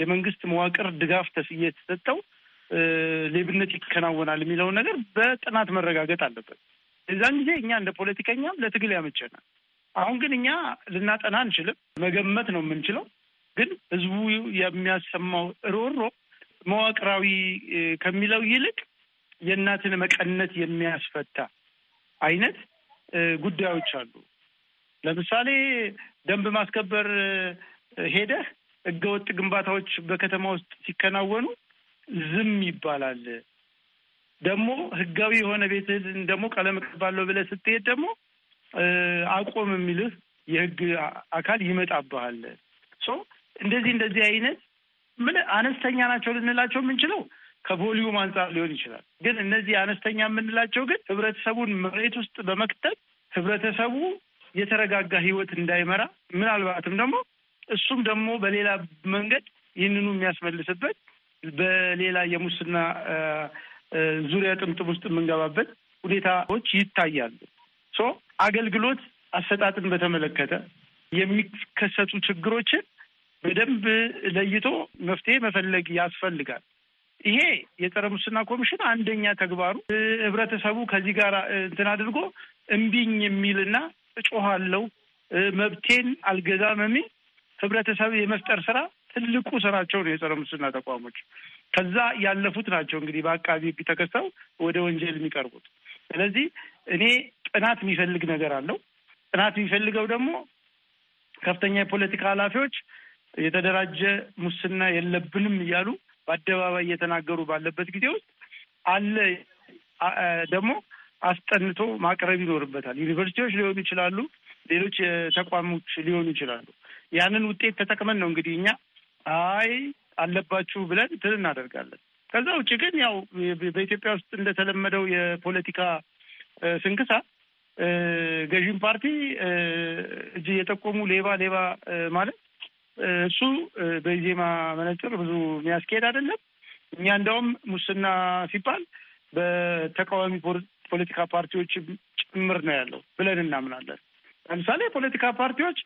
የመንግስት መዋቅር ድጋፍ የተሰጠው ሌብነት ይከናወናል የሚለውን ነገር በጥናት መረጋገጥ አለበት። የዛን ጊዜ እኛ እንደ ፖለቲከኛም ለትግል ያመቸናል። አሁን ግን እኛ ልናጠና አንችልም፣ መገመት ነው የምንችለው። ግን ህዝቡ የሚያሰማው ሮሮ መዋቅራዊ ከሚለው ይልቅ የእናትን መቀነት የሚያስፈታ አይነት ጉዳዮች አሉ። ለምሳሌ ደንብ ማስከበር ሄደህ ህገወጥ ግንባታዎች በከተማ ውስጥ ሲከናወኑ ዝም ይባላል። ደግሞ ህጋዊ የሆነ ቤትህን ደግሞ ቀለም እቀባለሁ ብለህ ስትሄድ ደግሞ አቆም የሚልህ የህግ አካል ይመጣብሃል። ሶ እንደዚህ እንደዚህ አይነት ምን አነስተኛ ናቸው ልንላቸው የምንችለው ከቮሊዩም አንጻር ሊሆን ይችላል። ግን እነዚህ አነስተኛ የምንላቸው ግን ህብረተሰቡን መሬት ውስጥ በመክተል ህብረተሰቡ የተረጋጋ ህይወት እንዳይመራ ምናልባትም ደግሞ እሱም ደግሞ በሌላ መንገድ ይህንኑ የሚያስመልስበት በሌላ የሙስና ዙሪያ ጥምጥም ውስጥ የምንገባበት ሁኔታዎች ይታያሉ። ሶ አገልግሎት አሰጣጥን በተመለከተ የሚከሰቱ ችግሮችን በደንብ ለይቶ መፍትሄ መፈለግ ያስፈልጋል። ይሄ የጸረ ሙስና ኮሚሽን አንደኛ ተግባሩ ህብረተሰቡ ከዚህ ጋር እንትን አድርጎ እምቢኝ የሚልና እጮኋለው መብቴን አልገዛም የሚል ህብረተሰብ የመፍጠር ስራ ትልቁ ስራቸው ነው የጸረ ሙስና ተቋሞች። ከዛ ያለፉት ናቸው እንግዲህ በአቃቢ ህግ ተከሰው ወደ ወንጀል የሚቀርቡት። ስለዚህ እኔ ጥናት የሚፈልግ ነገር አለው። ጥናት የሚፈልገው ደግሞ ከፍተኛ የፖለቲካ ኃላፊዎች የተደራጀ ሙስና የለብንም እያሉ በአደባባይ እየተናገሩ ባለበት ጊዜ ውስጥ አለ ደግሞ አስጠንቶ ማቅረብ ይኖርበታል። ዩኒቨርሲቲዎች ሊሆኑ ይችላሉ፣ ሌሎች ተቋሞች ሊሆኑ ይችላሉ። ያንን ውጤት ተጠቅመን ነው እንግዲህ እኛ አይ አለባችሁ ብለን ትል እናደርጋለን። ከዛ ውጭ ግን ያው በኢትዮጵያ ውስጥ እንደተለመደው የፖለቲካ ስንክሳ ገዥም ፓርቲ እጅ እየጠቆሙ ሌባ ሌባ ማለት እሱ በኢዜማ መነጽር ብዙ የሚያስኬድ አይደለም። እኛ እንደውም ሙስና ሲባል በተቃዋሚ ፖለቲካ ፓርቲዎች ጭምር ነው ያለው ብለን እናምናለን። ለምሳሌ የፖለቲካ ፓርቲዎች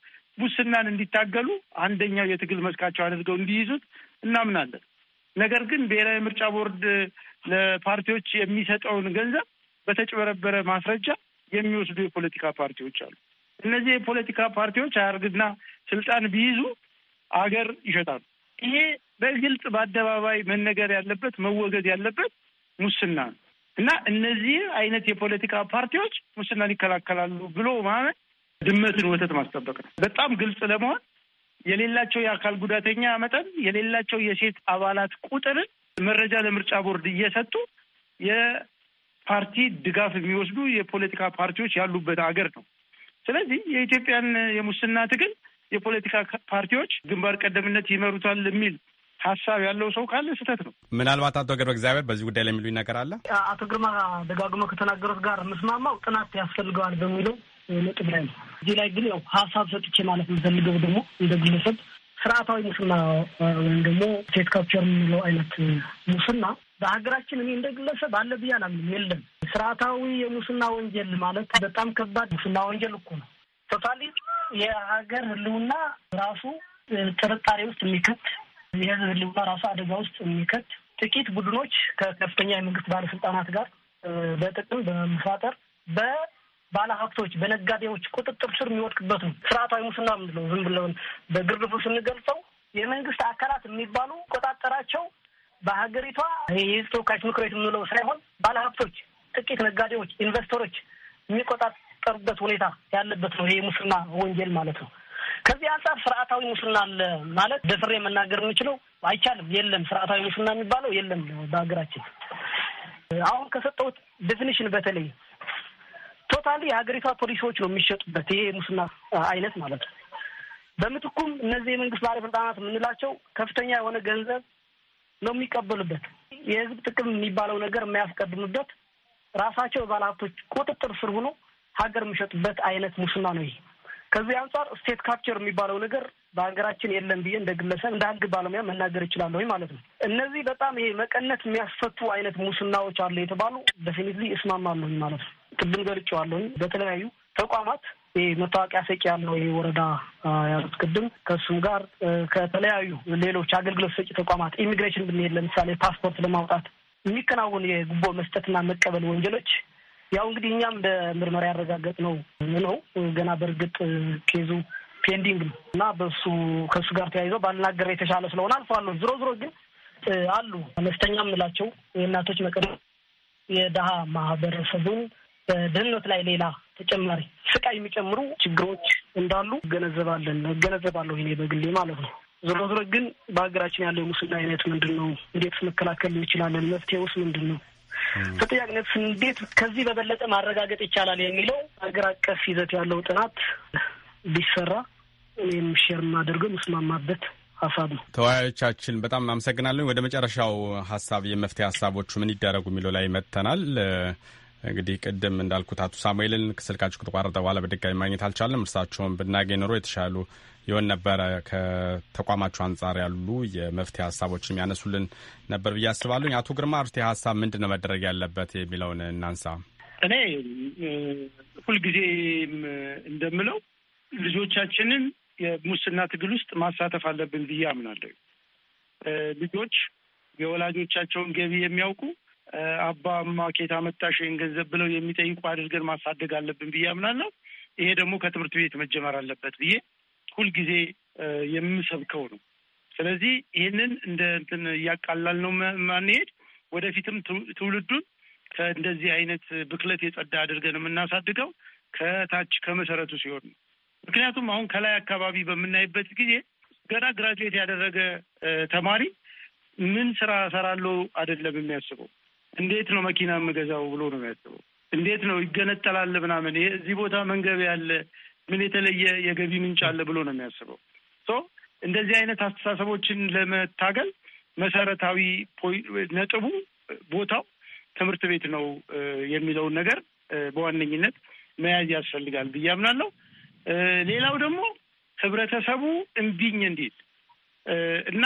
ሙስናን እንዲታገሉ አንደኛው የትግል መስካቸው አድርገው እንዲይዙት እናምናለን። ነገር ግን ብሔራዊ ምርጫ ቦርድ ለፓርቲዎች የሚሰጠውን ገንዘብ በተጭበረበረ ማስረጃ የሚወስዱ የፖለቲካ ፓርቲዎች አሉ። እነዚህ የፖለቲካ ፓርቲዎች አያርግና ስልጣን ቢይዙ አገር ይሸጣሉ። ይሄ በግልጽ በአደባባይ መነገር ያለበት መወገድ ያለበት ሙስና ነው እና እነዚህ አይነት የፖለቲካ ፓርቲዎች ሙስናን ይከላከላሉ ብሎ ማመን ድመትን ወተት ማስጠበቅ ነው። በጣም ግልጽ ለመሆን የሌላቸው የአካል ጉዳተኛ መጠን፣ የሌላቸው የሴት አባላት ቁጥርን መረጃ ለምርጫ ቦርድ እየሰጡ ፓርቲ ድጋፍ የሚወስዱ የፖለቲካ ፓርቲዎች ያሉበት ሀገር ነው። ስለዚህ የኢትዮጵያን የሙስና ትግል የፖለቲካ ፓርቲዎች ግንባር ቀደምነት ይመሩታል የሚል ሀሳብ ያለው ሰው ካለ ስህተት ነው። ምናልባት አቶ ገብረ እግዚአብሔር በዚህ ጉዳይ ላይ የሚሉ ይነገራለ። አቶ ግርማ ደጋግሞ ከተናገሩት ጋር ምስማማው ጥናት ያስፈልገዋል በሚለው ነጥብ ላይ ነው። እዚህ ላይ ግን ያው ሀሳብ ሰጥቼ ማለት የምፈልገው ደግሞ እንደ ግለሰብ ስርዓታዊ ሙስና ወይም ደግሞ ስቴት ካፕቸር የምንለው አይነት ሙስና በሀገራችን እኔ እንደ ግለሰብ አለ ብዬ አላምንም። የለም ስርዓታዊ የሙስና ወንጀል ማለት በጣም ከባድ ሙስና ወንጀል እኮ ነው። ቶታሊ የሀገር ህልውና ራሱ ጥርጣሬ ውስጥ የሚከት የህዝብ ህልውና ራሱ አደጋ ውስጥ የሚከት ጥቂት ቡድኖች ከከፍተኛ የመንግስት ባለስልጣናት ጋር በጥቅም በመመሳጠር በባለሀብቶች በነጋዴዎች ቁጥጥር ስር የሚወድቅበት ነው። ስርዓታዊ ሙስና ምንድን ነው? ዝም ብለውን በግርድፉ ስንገልጸው የመንግስት አካላት የሚባሉ ቆጣጠራቸው በሀገሪቷ የህዝብ ተወካዮች ምክር ቤት የምንለው ሳይሆን ባለሀብቶች፣ ጥቂት ነጋዴዎች፣ ኢንቨስተሮች የሚቆጣጠሩበት ሁኔታ ያለበት ነው። ይሄ የሙስና ወንጀል ማለት ነው። ከዚህ አንጻር ስርዓታዊ ሙስና አለ ማለት ደፍሬ መናገር የምችለው አይቻልም። የለም ስርዓታዊ ሙስና የሚባለው የለም በሀገራችን። አሁን ከሰጠሁት ዴፊኒሽን በተለይ ቶታሊ የሀገሪቷ ፖሊሲዎች ነው የሚሸጡበት ይሄ የሙስና አይነት ማለት ነው። በምትኩም እነዚህ የመንግስት ባለስልጣናት የምንላቸው ከፍተኛ የሆነ ገንዘብ ነው የሚቀበሉበት። የህዝብ ጥቅም የሚባለው ነገር የሚያስቀድሙበት ራሳቸው ባለሀብቶች ቁጥጥር ስር ሆኖ ሀገር የሚሸጡበት አይነት ሙስና ነው ይሄ። ከዚህ አንጻር ስቴት ካፕቸር የሚባለው ነገር በሀገራችን የለም ብዬ እንደ ግለሰብ እንደ ህግ ባለሙያ መናገር እችላለሁ ማለት ነው። እነዚህ በጣም ይሄ መቀነት የሚያስፈቱ አይነት ሙስናዎች አሉ የተባሉ ደፊኒትሊ እስማማለሁኝ ማለት ነው። ቅድም ገልጬዋለሁኝ በተለያዩ ተቋማት መታወቂያ ሰጪ ያለው ይህ ወረዳ ያሉት ቅድም ከእሱም ጋር ከተለያዩ ሌሎች አገልግሎት ሰጪ ተቋማት ኢሚግሬሽን ብንሄድ ለምሳሌ ፓስፖርት ለማውጣት የሚከናወኑ የጉቦ መስጠትና መቀበል ወንጀሎች ያው እንግዲህ እኛም በምርመራ ያረጋገጥ ነው ነው ገና በእርግጥ ኬዙ ፔንዲንግ ነው እና በሱ ከእሱ ጋር ተያይዞ ባልናገር የተሻለ ስለሆነ አልፈዋለሁ። ዝሮ ዝሮ ግን አሉ አነስተኛ የምንላቸው የእናቶች መቀደ የድሀ ማህበረሰቡን በድህነት ላይ ሌላ ተጨማሪ ስቃይ የሚጨምሩ ችግሮች እንዳሉ እገነዘባለን እገነዘባለሁ እኔ በግሌ ማለት ነው። ዞሮ ዞሮ ግን በሀገራችን ያለው የሙስና አይነት ምንድን ነው? እንዴት መከላከል እንችላለን? መፍትሄ ውስጥ ምንድን ነው? ተጠያቂነት እንዴት ከዚህ በበለጠ ማረጋገጥ ይቻላል የሚለው ሀገር አቀፍ ይዘት ያለው ጥናት ቢሰራ እኔም ሼር የማደርገው ምስማማበት ሀሳብ ነው። ተወያዮቻችን በጣም አመሰግናለን። ወደ መጨረሻው ሀሳብ የመፍትሄ ሀሳቦቹ ምን ይደረጉ የሚለው ላይ መጥተናል። እንግዲህ ቅድም እንዳልኩት አቶ ሳሙኤልን ስልካቸው ከተቋረጠ በኋላ በድጋሚ ማግኘት አልቻለም። እርሳቸውን ብናገኝ ኖሮ የተሻሉ ይሆን ነበረ። ከተቋማቸው አንጻር ያሉ የመፍትሄ ሀሳቦችን የሚያነሱልን ነበር ብዬ አስባለሁ። አቶ ግርማ መፍትሄ ሀሳብ ምንድን ነው መደረግ ያለበት የሚለውን እናንሳ። እኔ ሁልጊዜ እንደምለው ልጆቻችንን የሙስና ትግል ውስጥ ማሳተፍ አለብን ብዬ አምናለሁ። ልጆች የወላጆቻቸውን ገቢ የሚያውቁ አባ ማኬት አመጣሽን ገንዘብ ብለው የሚጠይቁ አድርገን ማሳደግ አለብን ብዬ አምናለሁ። ይሄ ደግሞ ከትምህርት ቤት መጀመር አለበት ብዬ ሁልጊዜ የምሰብከው ነው። ስለዚህ ይህንን እንደ እንትን እያቃላል ነው ማንሄድ ወደፊትም ትውልዱን ከእንደዚህ አይነት ብክለት የጸዳ አድርገን የምናሳድገው ከታች ከመሰረቱ ሲሆን ነው። ምክንያቱም አሁን ከላይ አካባቢ በምናይበት ጊዜ ገና ግራጁዌት ያደረገ ተማሪ ምን ስራ ሰራለ አይደለም የሚያስበው እንዴት ነው መኪና የምገዛው ብሎ ነው የሚያስበው። እንዴት ነው ይገነጠላል ምናምን፣ ይሄ እዚህ ቦታ መንገብ ያለ ምን የተለየ የገቢ ምንጭ አለ ብሎ ነው የሚያስበው። ሶ እንደዚህ አይነት አስተሳሰቦችን ለመታገል መሰረታዊ ነጥቡ ቦታው ትምህርት ቤት ነው የሚለውን ነገር በዋነኝነት መያዝ ያስፈልጋል ብዬ አምናለሁ። ሌላው ደግሞ ህብረተሰቡ እምቢኝ እንዴት እና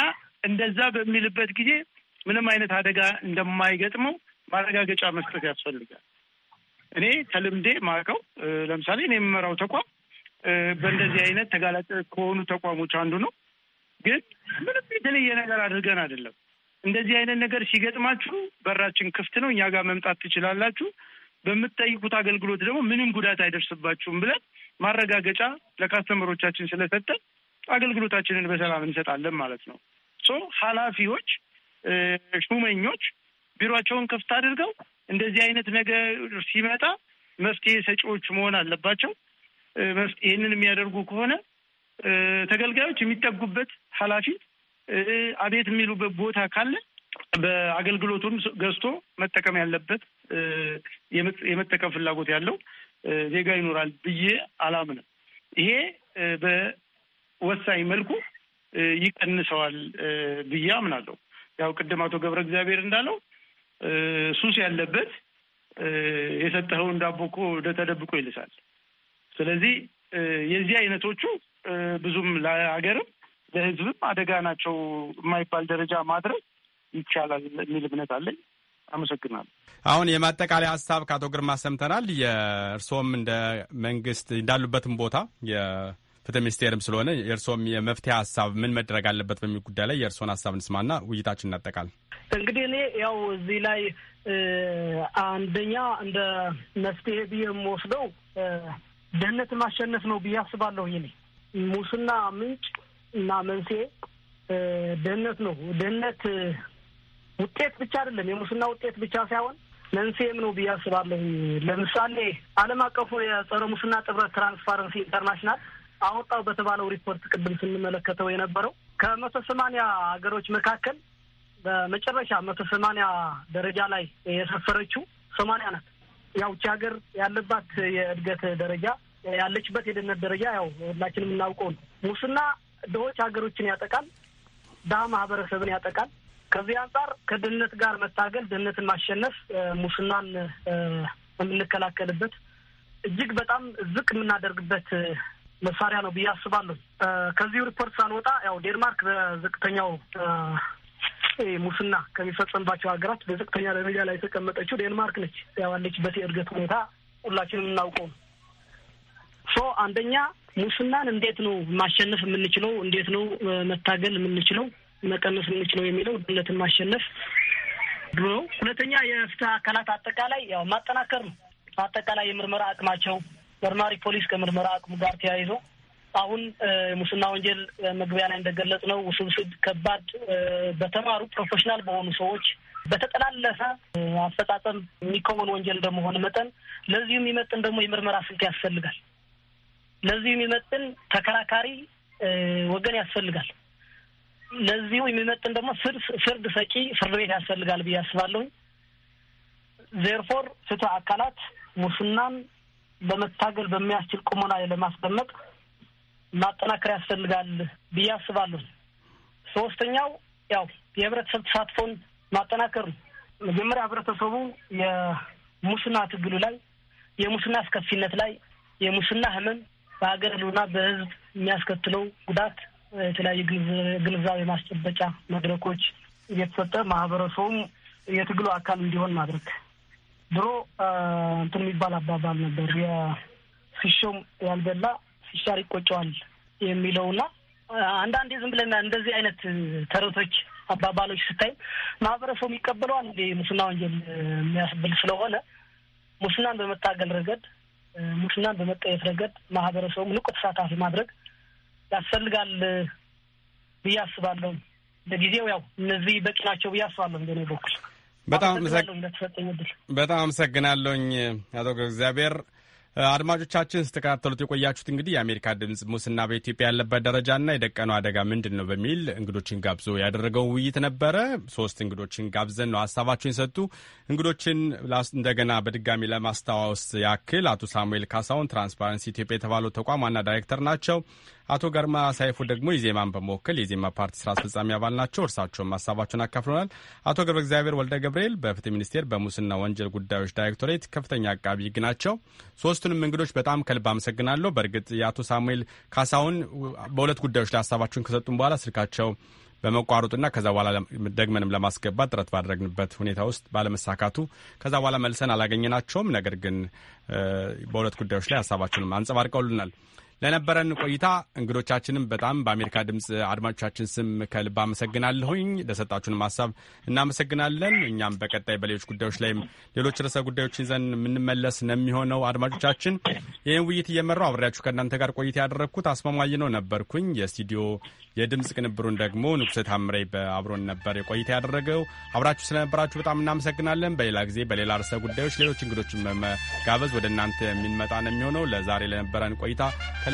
እንደዛ በሚልበት ጊዜ ምንም አይነት አደጋ እንደማይገጥመው ማረጋገጫ መስጠት ያስፈልጋል። እኔ ከልምዴ ማቀው ለምሳሌ እኔ የምመራው ተቋም በእንደዚህ አይነት ተጋላጭ ከሆኑ ተቋሞች አንዱ ነው። ግን ምንም የተለየ ነገር አድርገን አይደለም። እንደዚህ አይነት ነገር ሲገጥማችሁ በራችን ክፍት ነው፣ እኛ ጋር መምጣት ትችላላችሁ። በምትጠይቁት አገልግሎት ደግሞ ምንም ጉዳት አይደርስባችሁም ብለን ማረጋገጫ ለካስተመሮቻችን ስለሰጠን አገልግሎታችንን በሰላም እንሰጣለን ማለት ነው። ሶ ኃላፊዎች ሹመኞች ቢሮቸውን ክፍት አድርገው እንደዚህ አይነት ነገር ሲመጣ መፍትሄ ሰጪዎች መሆን አለባቸው። ይህንን የሚያደርጉ ከሆነ ተገልጋዮች የሚጠጉበት ኃላፊ አቤት የሚሉበት ቦታ ካለ በአገልግሎቱን ገዝቶ መጠቀም ያለበት የመጠቀም ፍላጎት ያለው ዜጋ ይኖራል ብዬ አላምንም። ይሄ በወሳኝ መልኩ ይቀንሰዋል ብዬ አምናለሁ። ያው ቅድም አቶ ገብረ እግዚአብሔር እንዳለው ሱስ ያለበት የሰጠኸውን ዳቦ እኮ ተደብቆ ይልሳል። ስለዚህ የዚህ አይነቶቹ ብዙም ለሀገርም ለህዝብም አደጋ ናቸው የማይባል ደረጃ ማድረግ ይቻላል የሚል እምነት አለኝ። አመሰግናለሁ። አሁን የማጠቃለያ ሀሳብ ከአቶ ግርማ ሰምተናል። የእርስዎም እንደ መንግስት እንዳሉበትም ቦታ ፍትህ ሚኒስቴርም ስለሆነ የእርስዎም የመፍትሄ ሀሳብ ምን መደረግ አለበት በሚል ጉዳይ ላይ የእርስዎን ሀሳብ እንስማና ውይይታችን እናጠቃል። እንግዲህ እኔ ያው እዚህ ላይ አንደኛ እንደ መፍትሄ ብዬ የምወስደው ደህነት ማሸነፍ ነው ብዬ አስባለሁ። ይኔ ሙስና ምንጭ እና መንስኤ ደህነት ነው። ደህነት ውጤት ብቻ አይደለም፣ የሙስና ውጤት ብቻ ሳይሆን መንስኤም ነው ብዬ አስባለሁ። ለምሳሌ ዓለም አቀፉ የጸረ ሙስና ጥብረት ትራንስፓረንሲ ኢንተርናሽናል አወጣው በተባለው ሪፖርት ቅድም ስንመለከተው የነበረው ከመቶ ሰማንያ ሀገሮች መካከል በመጨረሻ መቶ ሰማንያ ደረጃ ላይ የሰፈረችው ሶማሊያ ናት። ያውቺ ሀገር ያለባት የእድገት ደረጃ ያለችበት የድህነት ደረጃ ያው ሁላችንም እናውቀው ነው። ሙስና ድሆች ሀገሮችን ያጠቃል፣ ድሀ ማህበረሰብን ያጠቃል። ከዚህ አንጻር ከድህነት ጋር መታገል፣ ድህነትን ማሸነፍ፣ ሙስናን የምንከላከልበት እጅግ በጣም ዝቅ የምናደርግበት መሳሪያ ነው ብዬ አስባለሁ። ከዚሁ ሪፖርት ሳንወጣ ያው ዴንማርክ በዝቅተኛው ሙስና ከሚፈጸምባቸው ሀገራት በዝቅተኛ ደረጃ ላይ የተቀመጠችው ዴንማርክ ነች። ያዋለችበት የእድገት ሁኔታ ሁላችንም እናውቀው። ሶ አንደኛ ሙስናን እንዴት ነው ማሸነፍ የምንችለው? እንዴት ነው መታገል የምንችለው? መቀነስ የምንችለው የሚለው ድህነትን ማሸነፍ ነው። ሁለተኛ የፍትህ አካላት አጠቃላይ ያው ማጠናከር ነው። አጠቃላይ የምርመራ አቅማቸው መርማሪ ፖሊስ ከምርመራ አቅሙ ጋር ተያይዞ አሁን የሙስና ወንጀል መግቢያ ላይ እንደገለጽ ነው ውስብስብ፣ ከባድ በተማሩ ፕሮፌሽናል በሆኑ ሰዎች በተጠላለፈ አፈጻጸም የሚከወን ወንጀል እንደመሆነ መጠን ለዚሁ የሚመጥን ደግሞ የምርመራ ስልት ያስፈልጋል። ለዚሁ የሚመጥን ተከራካሪ ወገን ያስፈልጋል። ለዚሁ የሚመጥን ደግሞ ፍርድ ሰጪ ፍርድ ቤት ያስፈልጋል ብዬ አስባለሁኝ። ዜርፎር ፍትህ አካላት ሙስናን ለመታገል በሚያስችል ቁመና ለማስቀመጥ ማጠናከር ያስፈልጋል ብዬ አስባለሁ። ሶስተኛው ያው የህብረተሰብ ተሳትፎን ማጠናከር ነው። መጀመሪያ ህብረተሰቡ የሙስና ትግሉ ላይ፣ የሙስና አስከፊነት ላይ፣ የሙስና ህመም በሀገር ህልውና በህዝብ የሚያስከትለው ጉዳት የተለያዩ ግንዛቤ ማስጨበጫ መድረኮች እየተሰጠ ማህበረሰቡም የትግሉ አካል እንዲሆን ማድረግ ድሮ እንትን የሚባል አባባል ነበር ሲሾም ያልበላ ሲሻር ይቆጨዋል የሚለውና አንዳንዴ ዝም ብለን እንደዚህ አይነት ተረቶች አባባሎች ስታይ ማህበረሰቡ ይቀበለዋል እንደ ሙስና ወንጀል የሚያስብል ስለሆነ ሙስናን በመታገል ረገድ ሙስናን በመጠየፍ ረገድ ማህበረሰቡ ንቁ ተሳታፊ ማድረግ ያስፈልጋል ብዬ አስባለሁ። ለጊዜው ያው እነዚህ በቂ ናቸው ብዬ አስባለሁ እንደኔ በኩል። በጣም አመሰግናለሁኝ አቶ እግዚአብሔር። አድማጮቻችን ስተከታተሉት የቆያችሁት እንግዲህ የአሜሪካ ድምፅ ሙስና በኢትዮጵያ ያለበት ደረጃና የደቀነው አደጋ ምንድን ነው በሚል እንግዶችን ጋብዞ ያደረገውን ውይይት ነበረ። ሶስት እንግዶችን ጋብዘን ነው ሀሳባቸውን የሰጡ እንግዶችን እንደገና በድጋሚ ለማስታዋወስ ያክል አቶ ሳሙኤል ካሳሁን ትራንስፓረንሲ ኢትዮጵያ የተባለው ተቋም ዋና ዳይሬክተር ናቸው። አቶ ገርማ ሳይፉ ደግሞ የዜማን በመወከል የዜማ ፓርቲ ስራ አስፈጻሚ አባል ናቸው። እርሳቸውም ሀሳባቸውን አካፍለናል። አቶ ገብረ እግዚአብሔር ወልደ ገብርኤል በፍትህ ሚኒስቴር በሙስና ወንጀል ጉዳዮች ዳይሬክቶሬት ከፍተኛ አቃቢ ህግ ናቸው። ሶስቱንም እንግዶች በጣም ከልብ አመሰግናለሁ። በእርግጥ የአቶ ሳሙኤል ካሳሁን በሁለት ጉዳዮች ላይ ሀሳባችሁን ከሰጡን በኋላ ስልካቸው በመቋረጡና ከዛ በኋላ ደግመንም ለማስገባት ጥረት ባደረግንበት ሁኔታ ውስጥ ባለመሳካቱ ከዛ በኋላ መልሰን አላገኘናቸውም። ነገር ግን በሁለት ጉዳዮች ላይ ሀሳባቸውንም አንጸባርቀውልናል። ለነበረን ቆይታ እንግዶቻችንም በጣም በአሜሪካ ድምፅ አድማጮቻችን ስም ከልብ አመሰግናለሁኝ። ለሰጣችሁንም ሀሳብ እናመሰግናለን። እኛም በቀጣይ በሌሎች ጉዳዮች ላይም ሌሎች ርዕሰ ጉዳዮች ይዘን የምንመለስ ነው የሚሆነው። አድማጮቻችን ይህን ውይይት እየመራው አብሬያችሁ ከእናንተ ጋር ቆይታ ያደረግኩት አስማማኝ ነው ነበርኩኝ። የስቱዲዮ የድምፅ ቅንብሩን ደግሞ ንጉሰ ታምሬ በአብሮን ነበር ቆይታ ያደረገው። አብራችሁ ስለነበራችሁ በጣም እናመሰግናለን። በሌላ ጊዜ በሌላ ርዕሰ ጉዳዮች ሌሎች እንግዶችን መጋበዝ ወደ እናንተ የሚንመጣ ነው የሚሆነው። ለዛሬ ለነበረን ቆይታ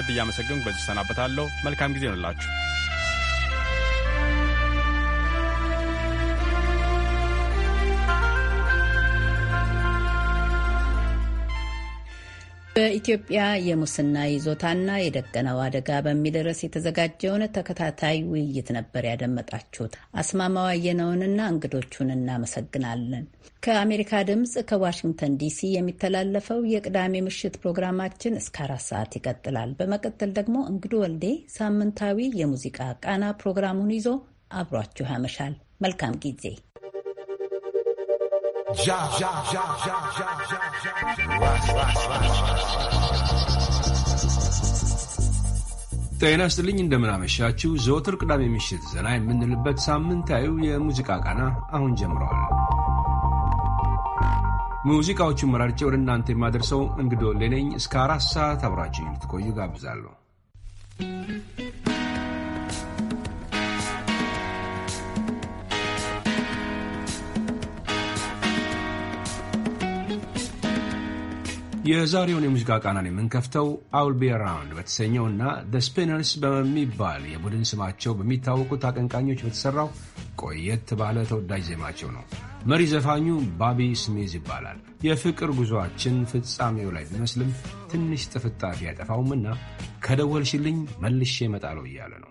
ከልብ እያመሰገንኩ በዚህ ሰናበታለሁ። መልካም ጊዜ ይሆንላችሁ። በኢትዮጵያ የሙስና ይዞታና የደቀነው አደጋ በሚል ርዕስ የተዘጋጀውን ተከታታይ ውይይት ነበር ያደመጣችሁት። አስማማው አየነውንና እንግዶቹን እናመሰግናለን። ከአሜሪካ ድምፅ ከዋሽንግተን ዲሲ የሚተላለፈው የቅዳሜ ምሽት ፕሮግራማችን እስከ አራት ሰዓት ይቀጥላል። በመቀጠል ደግሞ እንግዱ ወልዴ ሳምንታዊ የሙዚቃ ቃና ፕሮግራሙን ይዞ አብሯችሁ ያመሻል። መልካም ጊዜ já, já, já, já, já, já. ጤና ስጥልኝ እንደምናመሻችሁ። ዘወትር ቅዳሜ ምሽት ዘና የምንልበት ያዩ የሙዚቃ ቃና አሁን ጀምረዋል። ሙዚቃዎቹን መራርጬ ወደ እናንተ የማደርሰው እንግዶ ሌነኝ። እስከ አራት ሰዓት አብራችሁ ልትቆዩ ጋብዛለሁ። የዛሬውን የሙዚቃ ቃናን የምንከፍተው አውል ቢ አራውንድ እና ደ ስፒነርስ በሚባል የቡድን ስማቸው በሚታወቁት አቀንቃኞች በተሠራው ቆየት ባለ ተወዳጅ ዜማቸው ነው። መሪ ዘፋኙ ባቢ ስሜዝ ይባላል። የፍቅር ጉዞአችን ፍጻሜው ላይ ቢመስልም ትንሽ ጥፍጣፊ አይጠፋውምና ከደወልሽልኝ መልሼ እመጣለሁ እያለ ነው።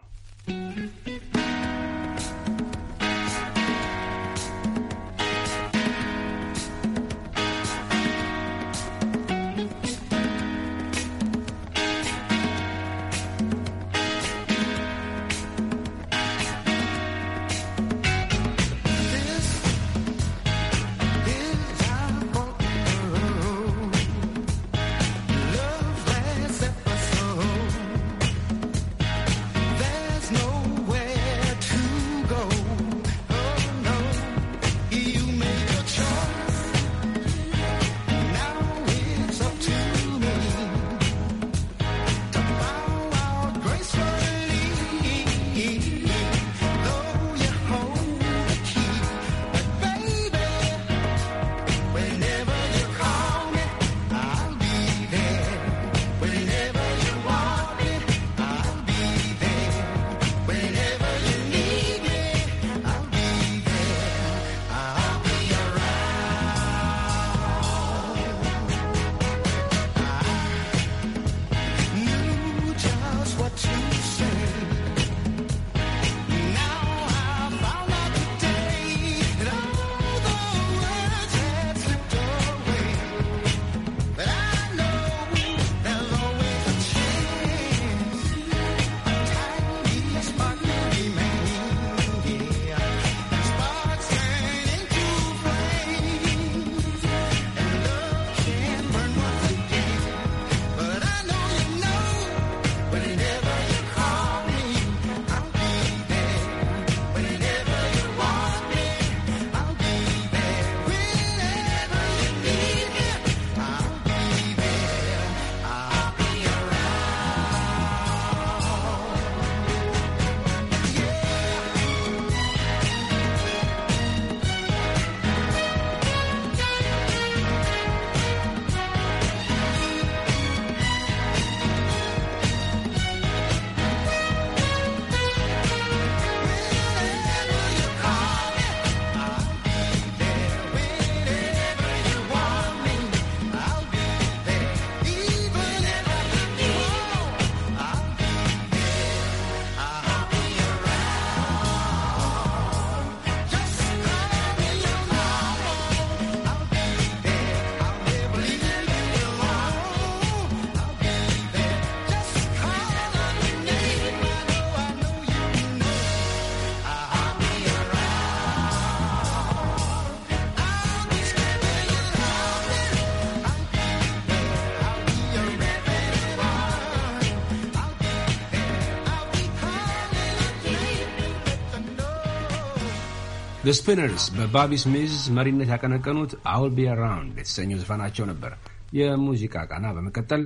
ስፒነርስ በባቢ ስሚዝ መሪነት ያቀነቀኑት አውል ቢ አራውንድ የተሰኘው ዘፈናቸው ነበር። የሙዚቃ ቃና በመቀጠል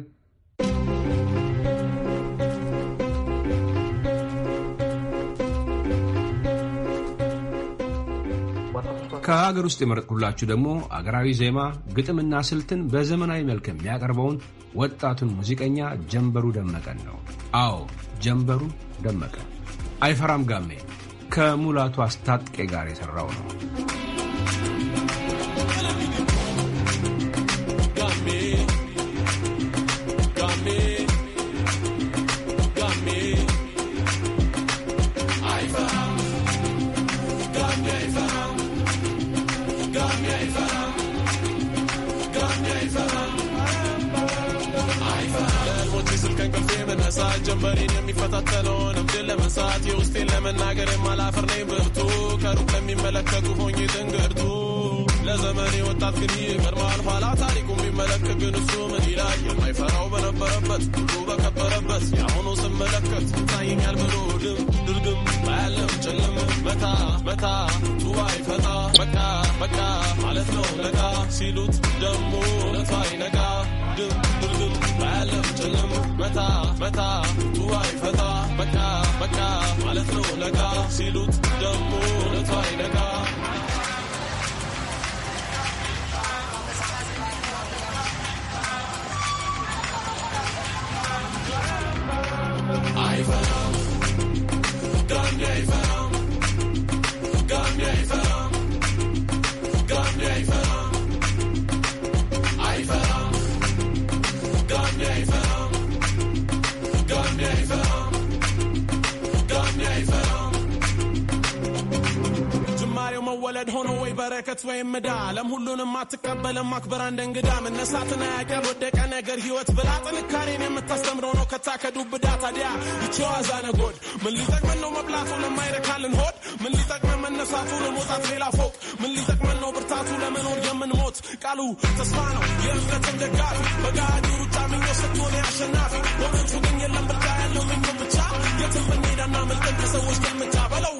ከሀገር ውስጥ የመረጥኩላችሁ ደግሞ አገራዊ ዜማ ግጥምና ስልትን በዘመናዊ መልክ የሚያቀርበውን ወጣቱን ሙዚቀኛ ጀንበሩ ደመቀን ነው። አዎ ጀንበሩ ደመቀ አይፈራም ጋሜ ከሙላቱ አስታጥቄ ጋር የሰራው ነው። ሳት ጀንበሬን የሚፈታተነውን እብድን ለመሳት የውስጤን ለመናገር የማላፈር ነኝ ብርቱ ከሩቅ ለሚመለከቱ ሆኜ ትንግርቱ ለዘመኔ ወጣት ግን ይቀድማል ኋላ ታሪኩ የሚመለከት ግን እሱ ምን ይላል የማይፈራው በነበረበት ሁሉ በከበረበት የአሁኑ ስመለከት ታይኛል ብሎ ድም ድርግም ባያለም ጭልም መታ መታ ቱባይ ፈታ በቃ በቃ ማለት ነው ነቃ ሲሉት ደግሞ ነቷ ይነቃ ፈታ ፈታ ቱዋይ ፈታ በቃ በቃ ማለት ነው ነጋ ሲሉት ደግሞ እውነቷ ይነጋ አይፈራም ገመድ ሆኖ ወይ በረከት ወይም ምዳ ዓለም ሁሉንም አትቀበለም ማክበር አንድ እንግዳ መነሳትን አያውቅም ወደቀ ነገር ህይወት ብላ ጥንካሬን የምታስተምረው ነው ከታከዱብዳ ታዲያ ይቸዋዛ ነጎድ ምን ሊጠቅመን ነው መብላቱ ለማይረካልን ሆድ ምን ሊጠቅመን መነሳቱ ለመውጣት ሌላ ፎቅ ምን ሊጠቅመን ነው ብርታቱ ለመኖር የምንሞት ቃሉ ተስፋ ነው የእምነትን ደጋፊ በጋዱ ሩጫ ምኞ ስትሆን አሸናፊ ወገንቹ ግን የለም ብቻ ያለው ምኞ ብቻ የትም ብንሄዳና ምልጥን ከሰዎች ከምታ በለዋ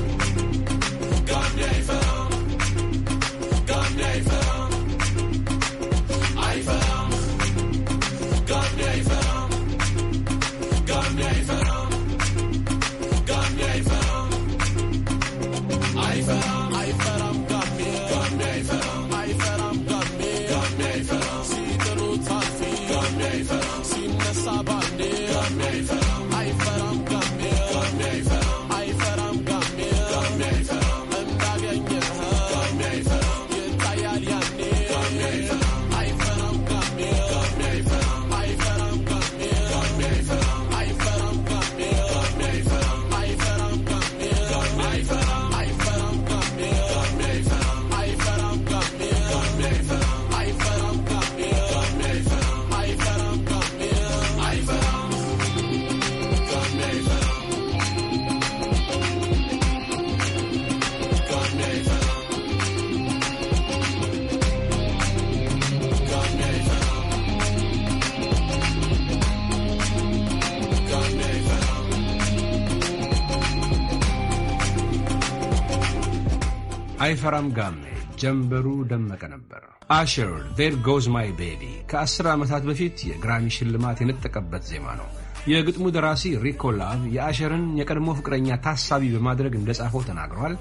አይፈራም ጋሜ ጀንበሩ ደመቀ ነበር። አሸር ዴር ጎዝ ማይ ቤቢ ከአስር ዓመታት በፊት የግራሚ ሽልማት የነጠቀበት ዜማ ነው። የግጥሙ ደራሲ ሪኮ ላቭ የአሸርን የቀድሞ ፍቅረኛ ታሳቢ በማድረግ እንደጻፈው ተናግሯል።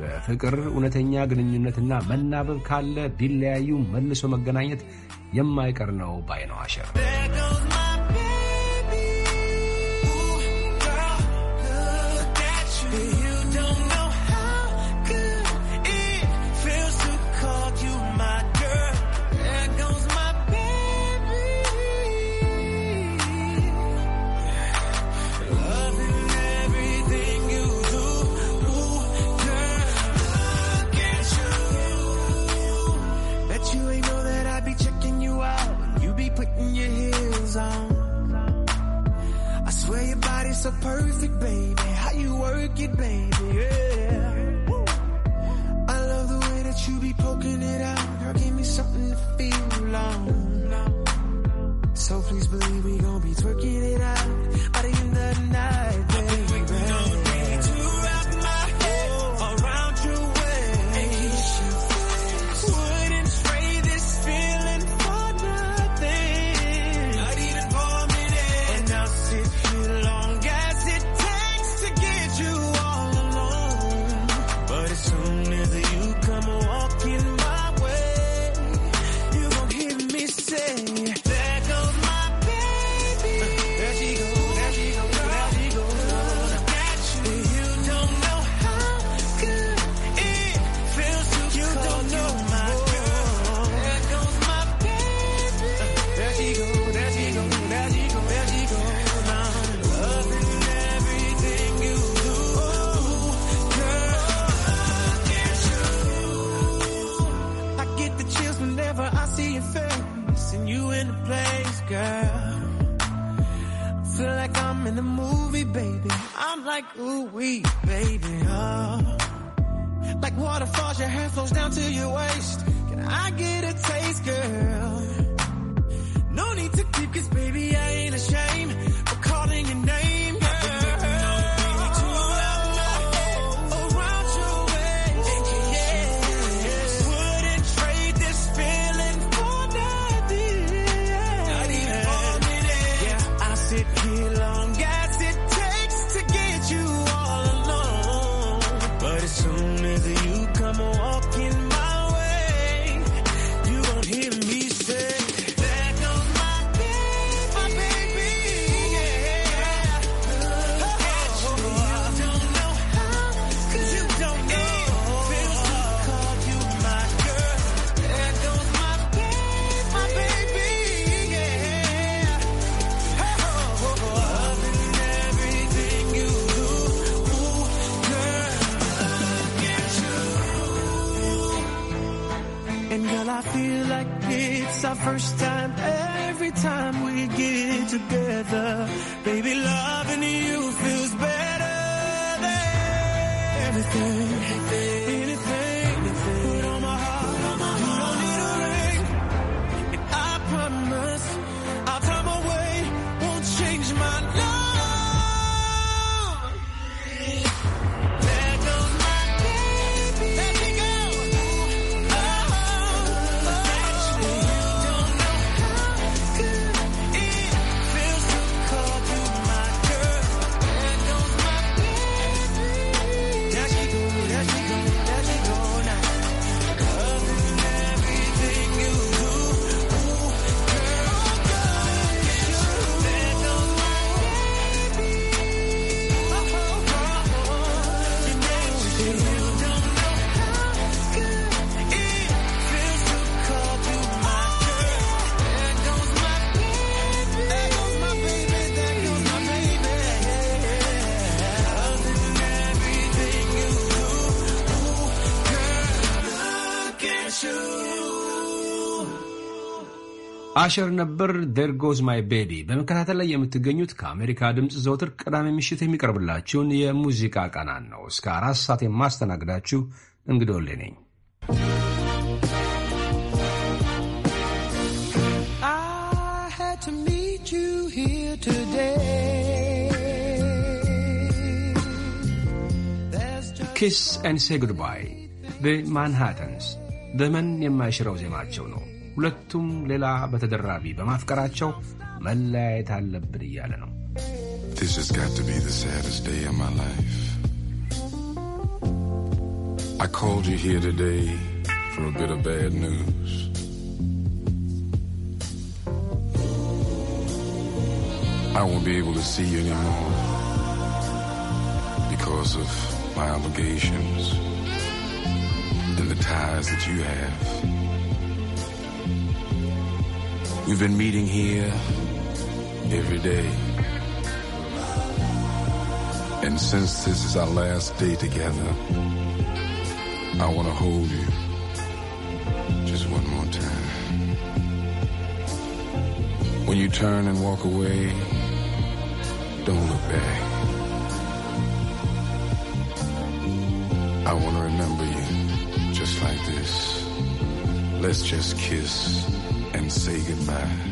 በፍቅር እውነተኛ ግንኙነትና መናበብ ካለ ቢለያዩ መልሶ መገናኘት የማይቀር ነው ባይ ነው አሸር። So please believe we gon' be twerking it out by the end of the night. we, baby, oh. Like waterfalls, your hair flows down to your waist. Can I get a taste, girl? No need to keep, cause baby, I ain't ashamed. አሸር ነበር ደርጎዝ ማይ ቤቢ። በመከታተል ላይ የምትገኙት ከአሜሪካ ድምፅ ዘውትር ቅዳሜ ምሽት የሚቀርብላችሁን የሙዚቃ ቀናን ነው። እስከ አራት ሰዓት የማስተናግዳችሁ እንግዶሌ ነኝ። ኪስ ኤንድ ሴ ጉድባይ ዘ ማንሃተንስ ዘመን የማይሽረው ዜማቸው ነው። ሁለቱም ሌላ በተደራቢ በማፍቀራቸው መለያየት አለብን እያለ ነው። This has got to be the saddest day of my life. I called you here today for a bit of bad news. I won't be able to see you anymore because of my obligations and the ties that you have. We've been meeting here every day. And since this is our last day together, I want to hold you just one more time. When you turn and walk away, don't look back. I want to remember you just like this. Let's just kiss and say goodbye.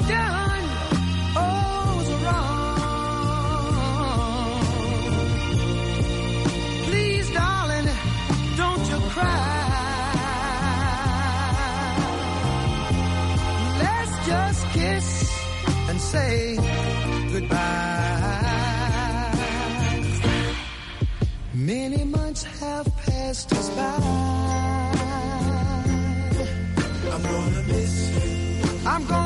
done? Oh, wrong. Please, darling, don't you cry. Let's just kiss and say goodbye. Many months have passed us by. I'm gonna miss you. I'm gonna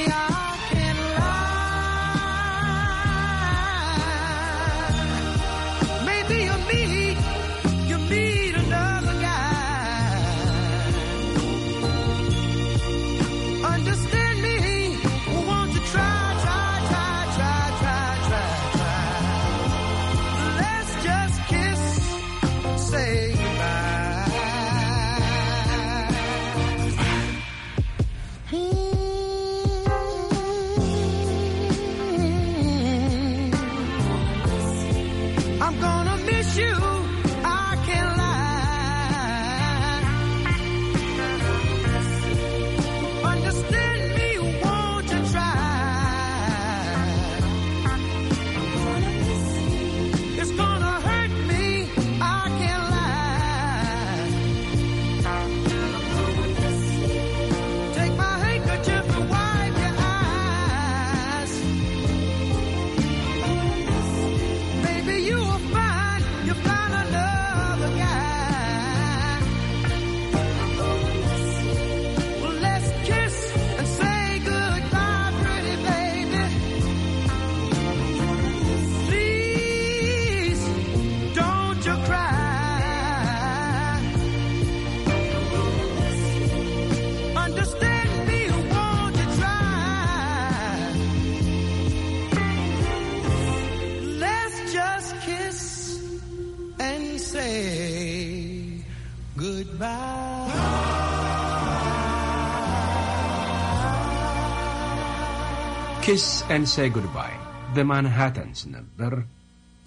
ኪስ ኤንድ ሴይ ጉድባይ ዘ ማንሃተንስ ነበር።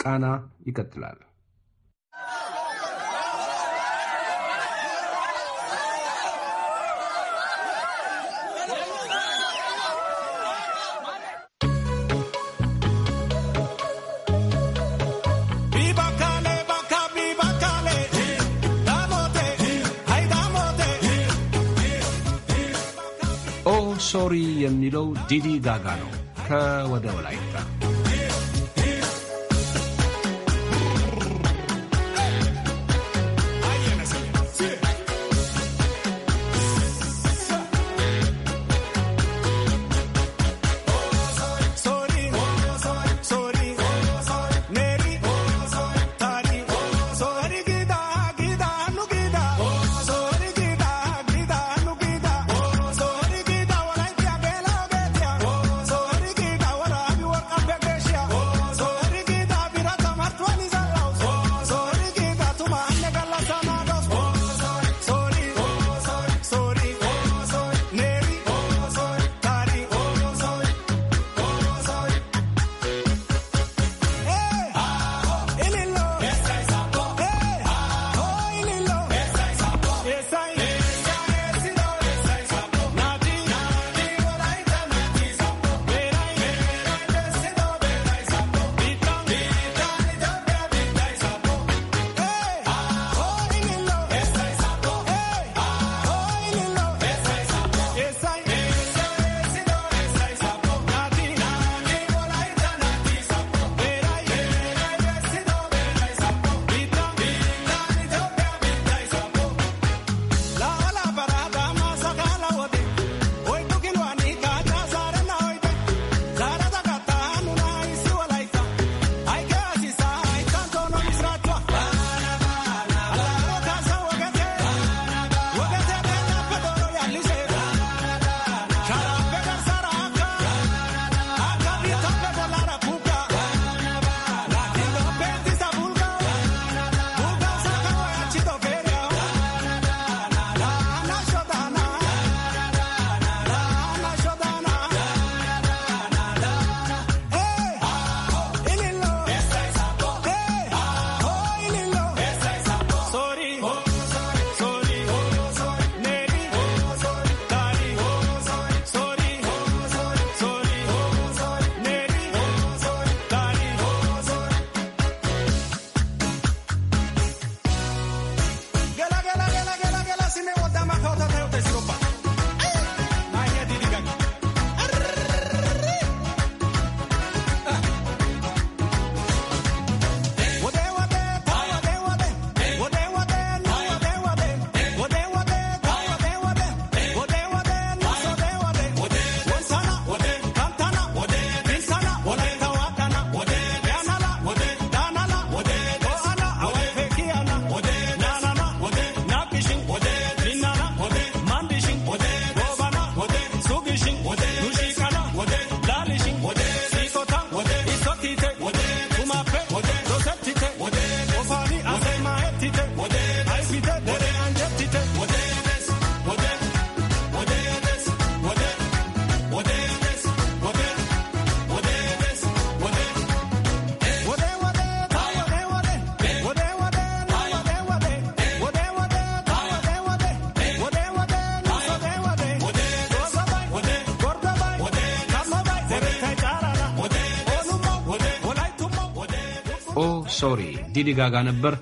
ቃና ይቀጥላል። የሚለው ዲዲ ጋጋ ነው ከወደ ወላይታ ሶሪ ዲዲ ጋጋ ነበር።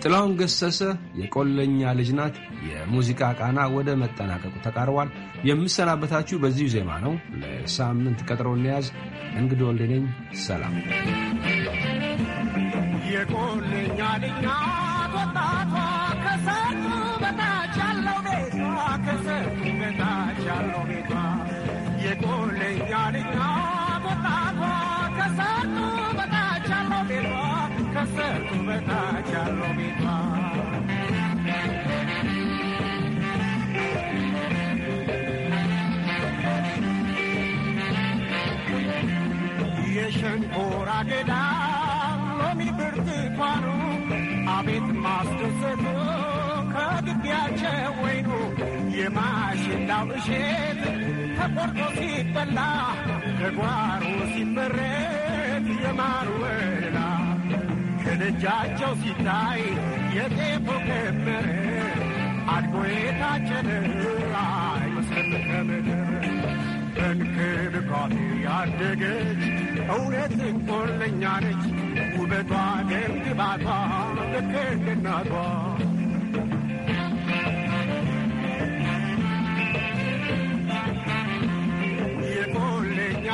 ጥላሁን ገሰሰ የቆለኛ ልጅ ናት። የሙዚቃ ቃና ወደ መጠናቀቅ ተቃርቧል። የምሰናበታችሁ በዚሁ ዜማ ነው። ለሳምንት ቀጥሮ እንያዝ። እንግዲህ ወልዴ ነኝ። ሰላም የቆልኛ ልኛ የማሽላው እሸት ተቆርጦ ሲበላ ከጓሮ ሲመረት የማር ወለላ ከደጃቸው ሲታይ የጤፉ ከመረ አድጎ የታጨደ አይመስልም ከምድር በእንክብካቤ ያደገች እውነት ቆለኛ ነች ውበቷ ደምግባቷ ልክ እንደ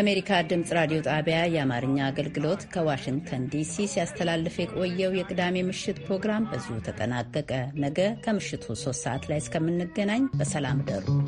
የአሜሪካ ድምፅ ራዲዮ ጣቢያ የአማርኛ አገልግሎት ከዋሽንግተን ዲሲ ሲያስተላልፍ የቆየው የቅዳሜ ምሽት ፕሮግራም በዚሁ ተጠናቀቀ። ነገ ከምሽቱ ሶስት ሰዓት ላይ እስከምንገናኝ በሰላም ደሩ።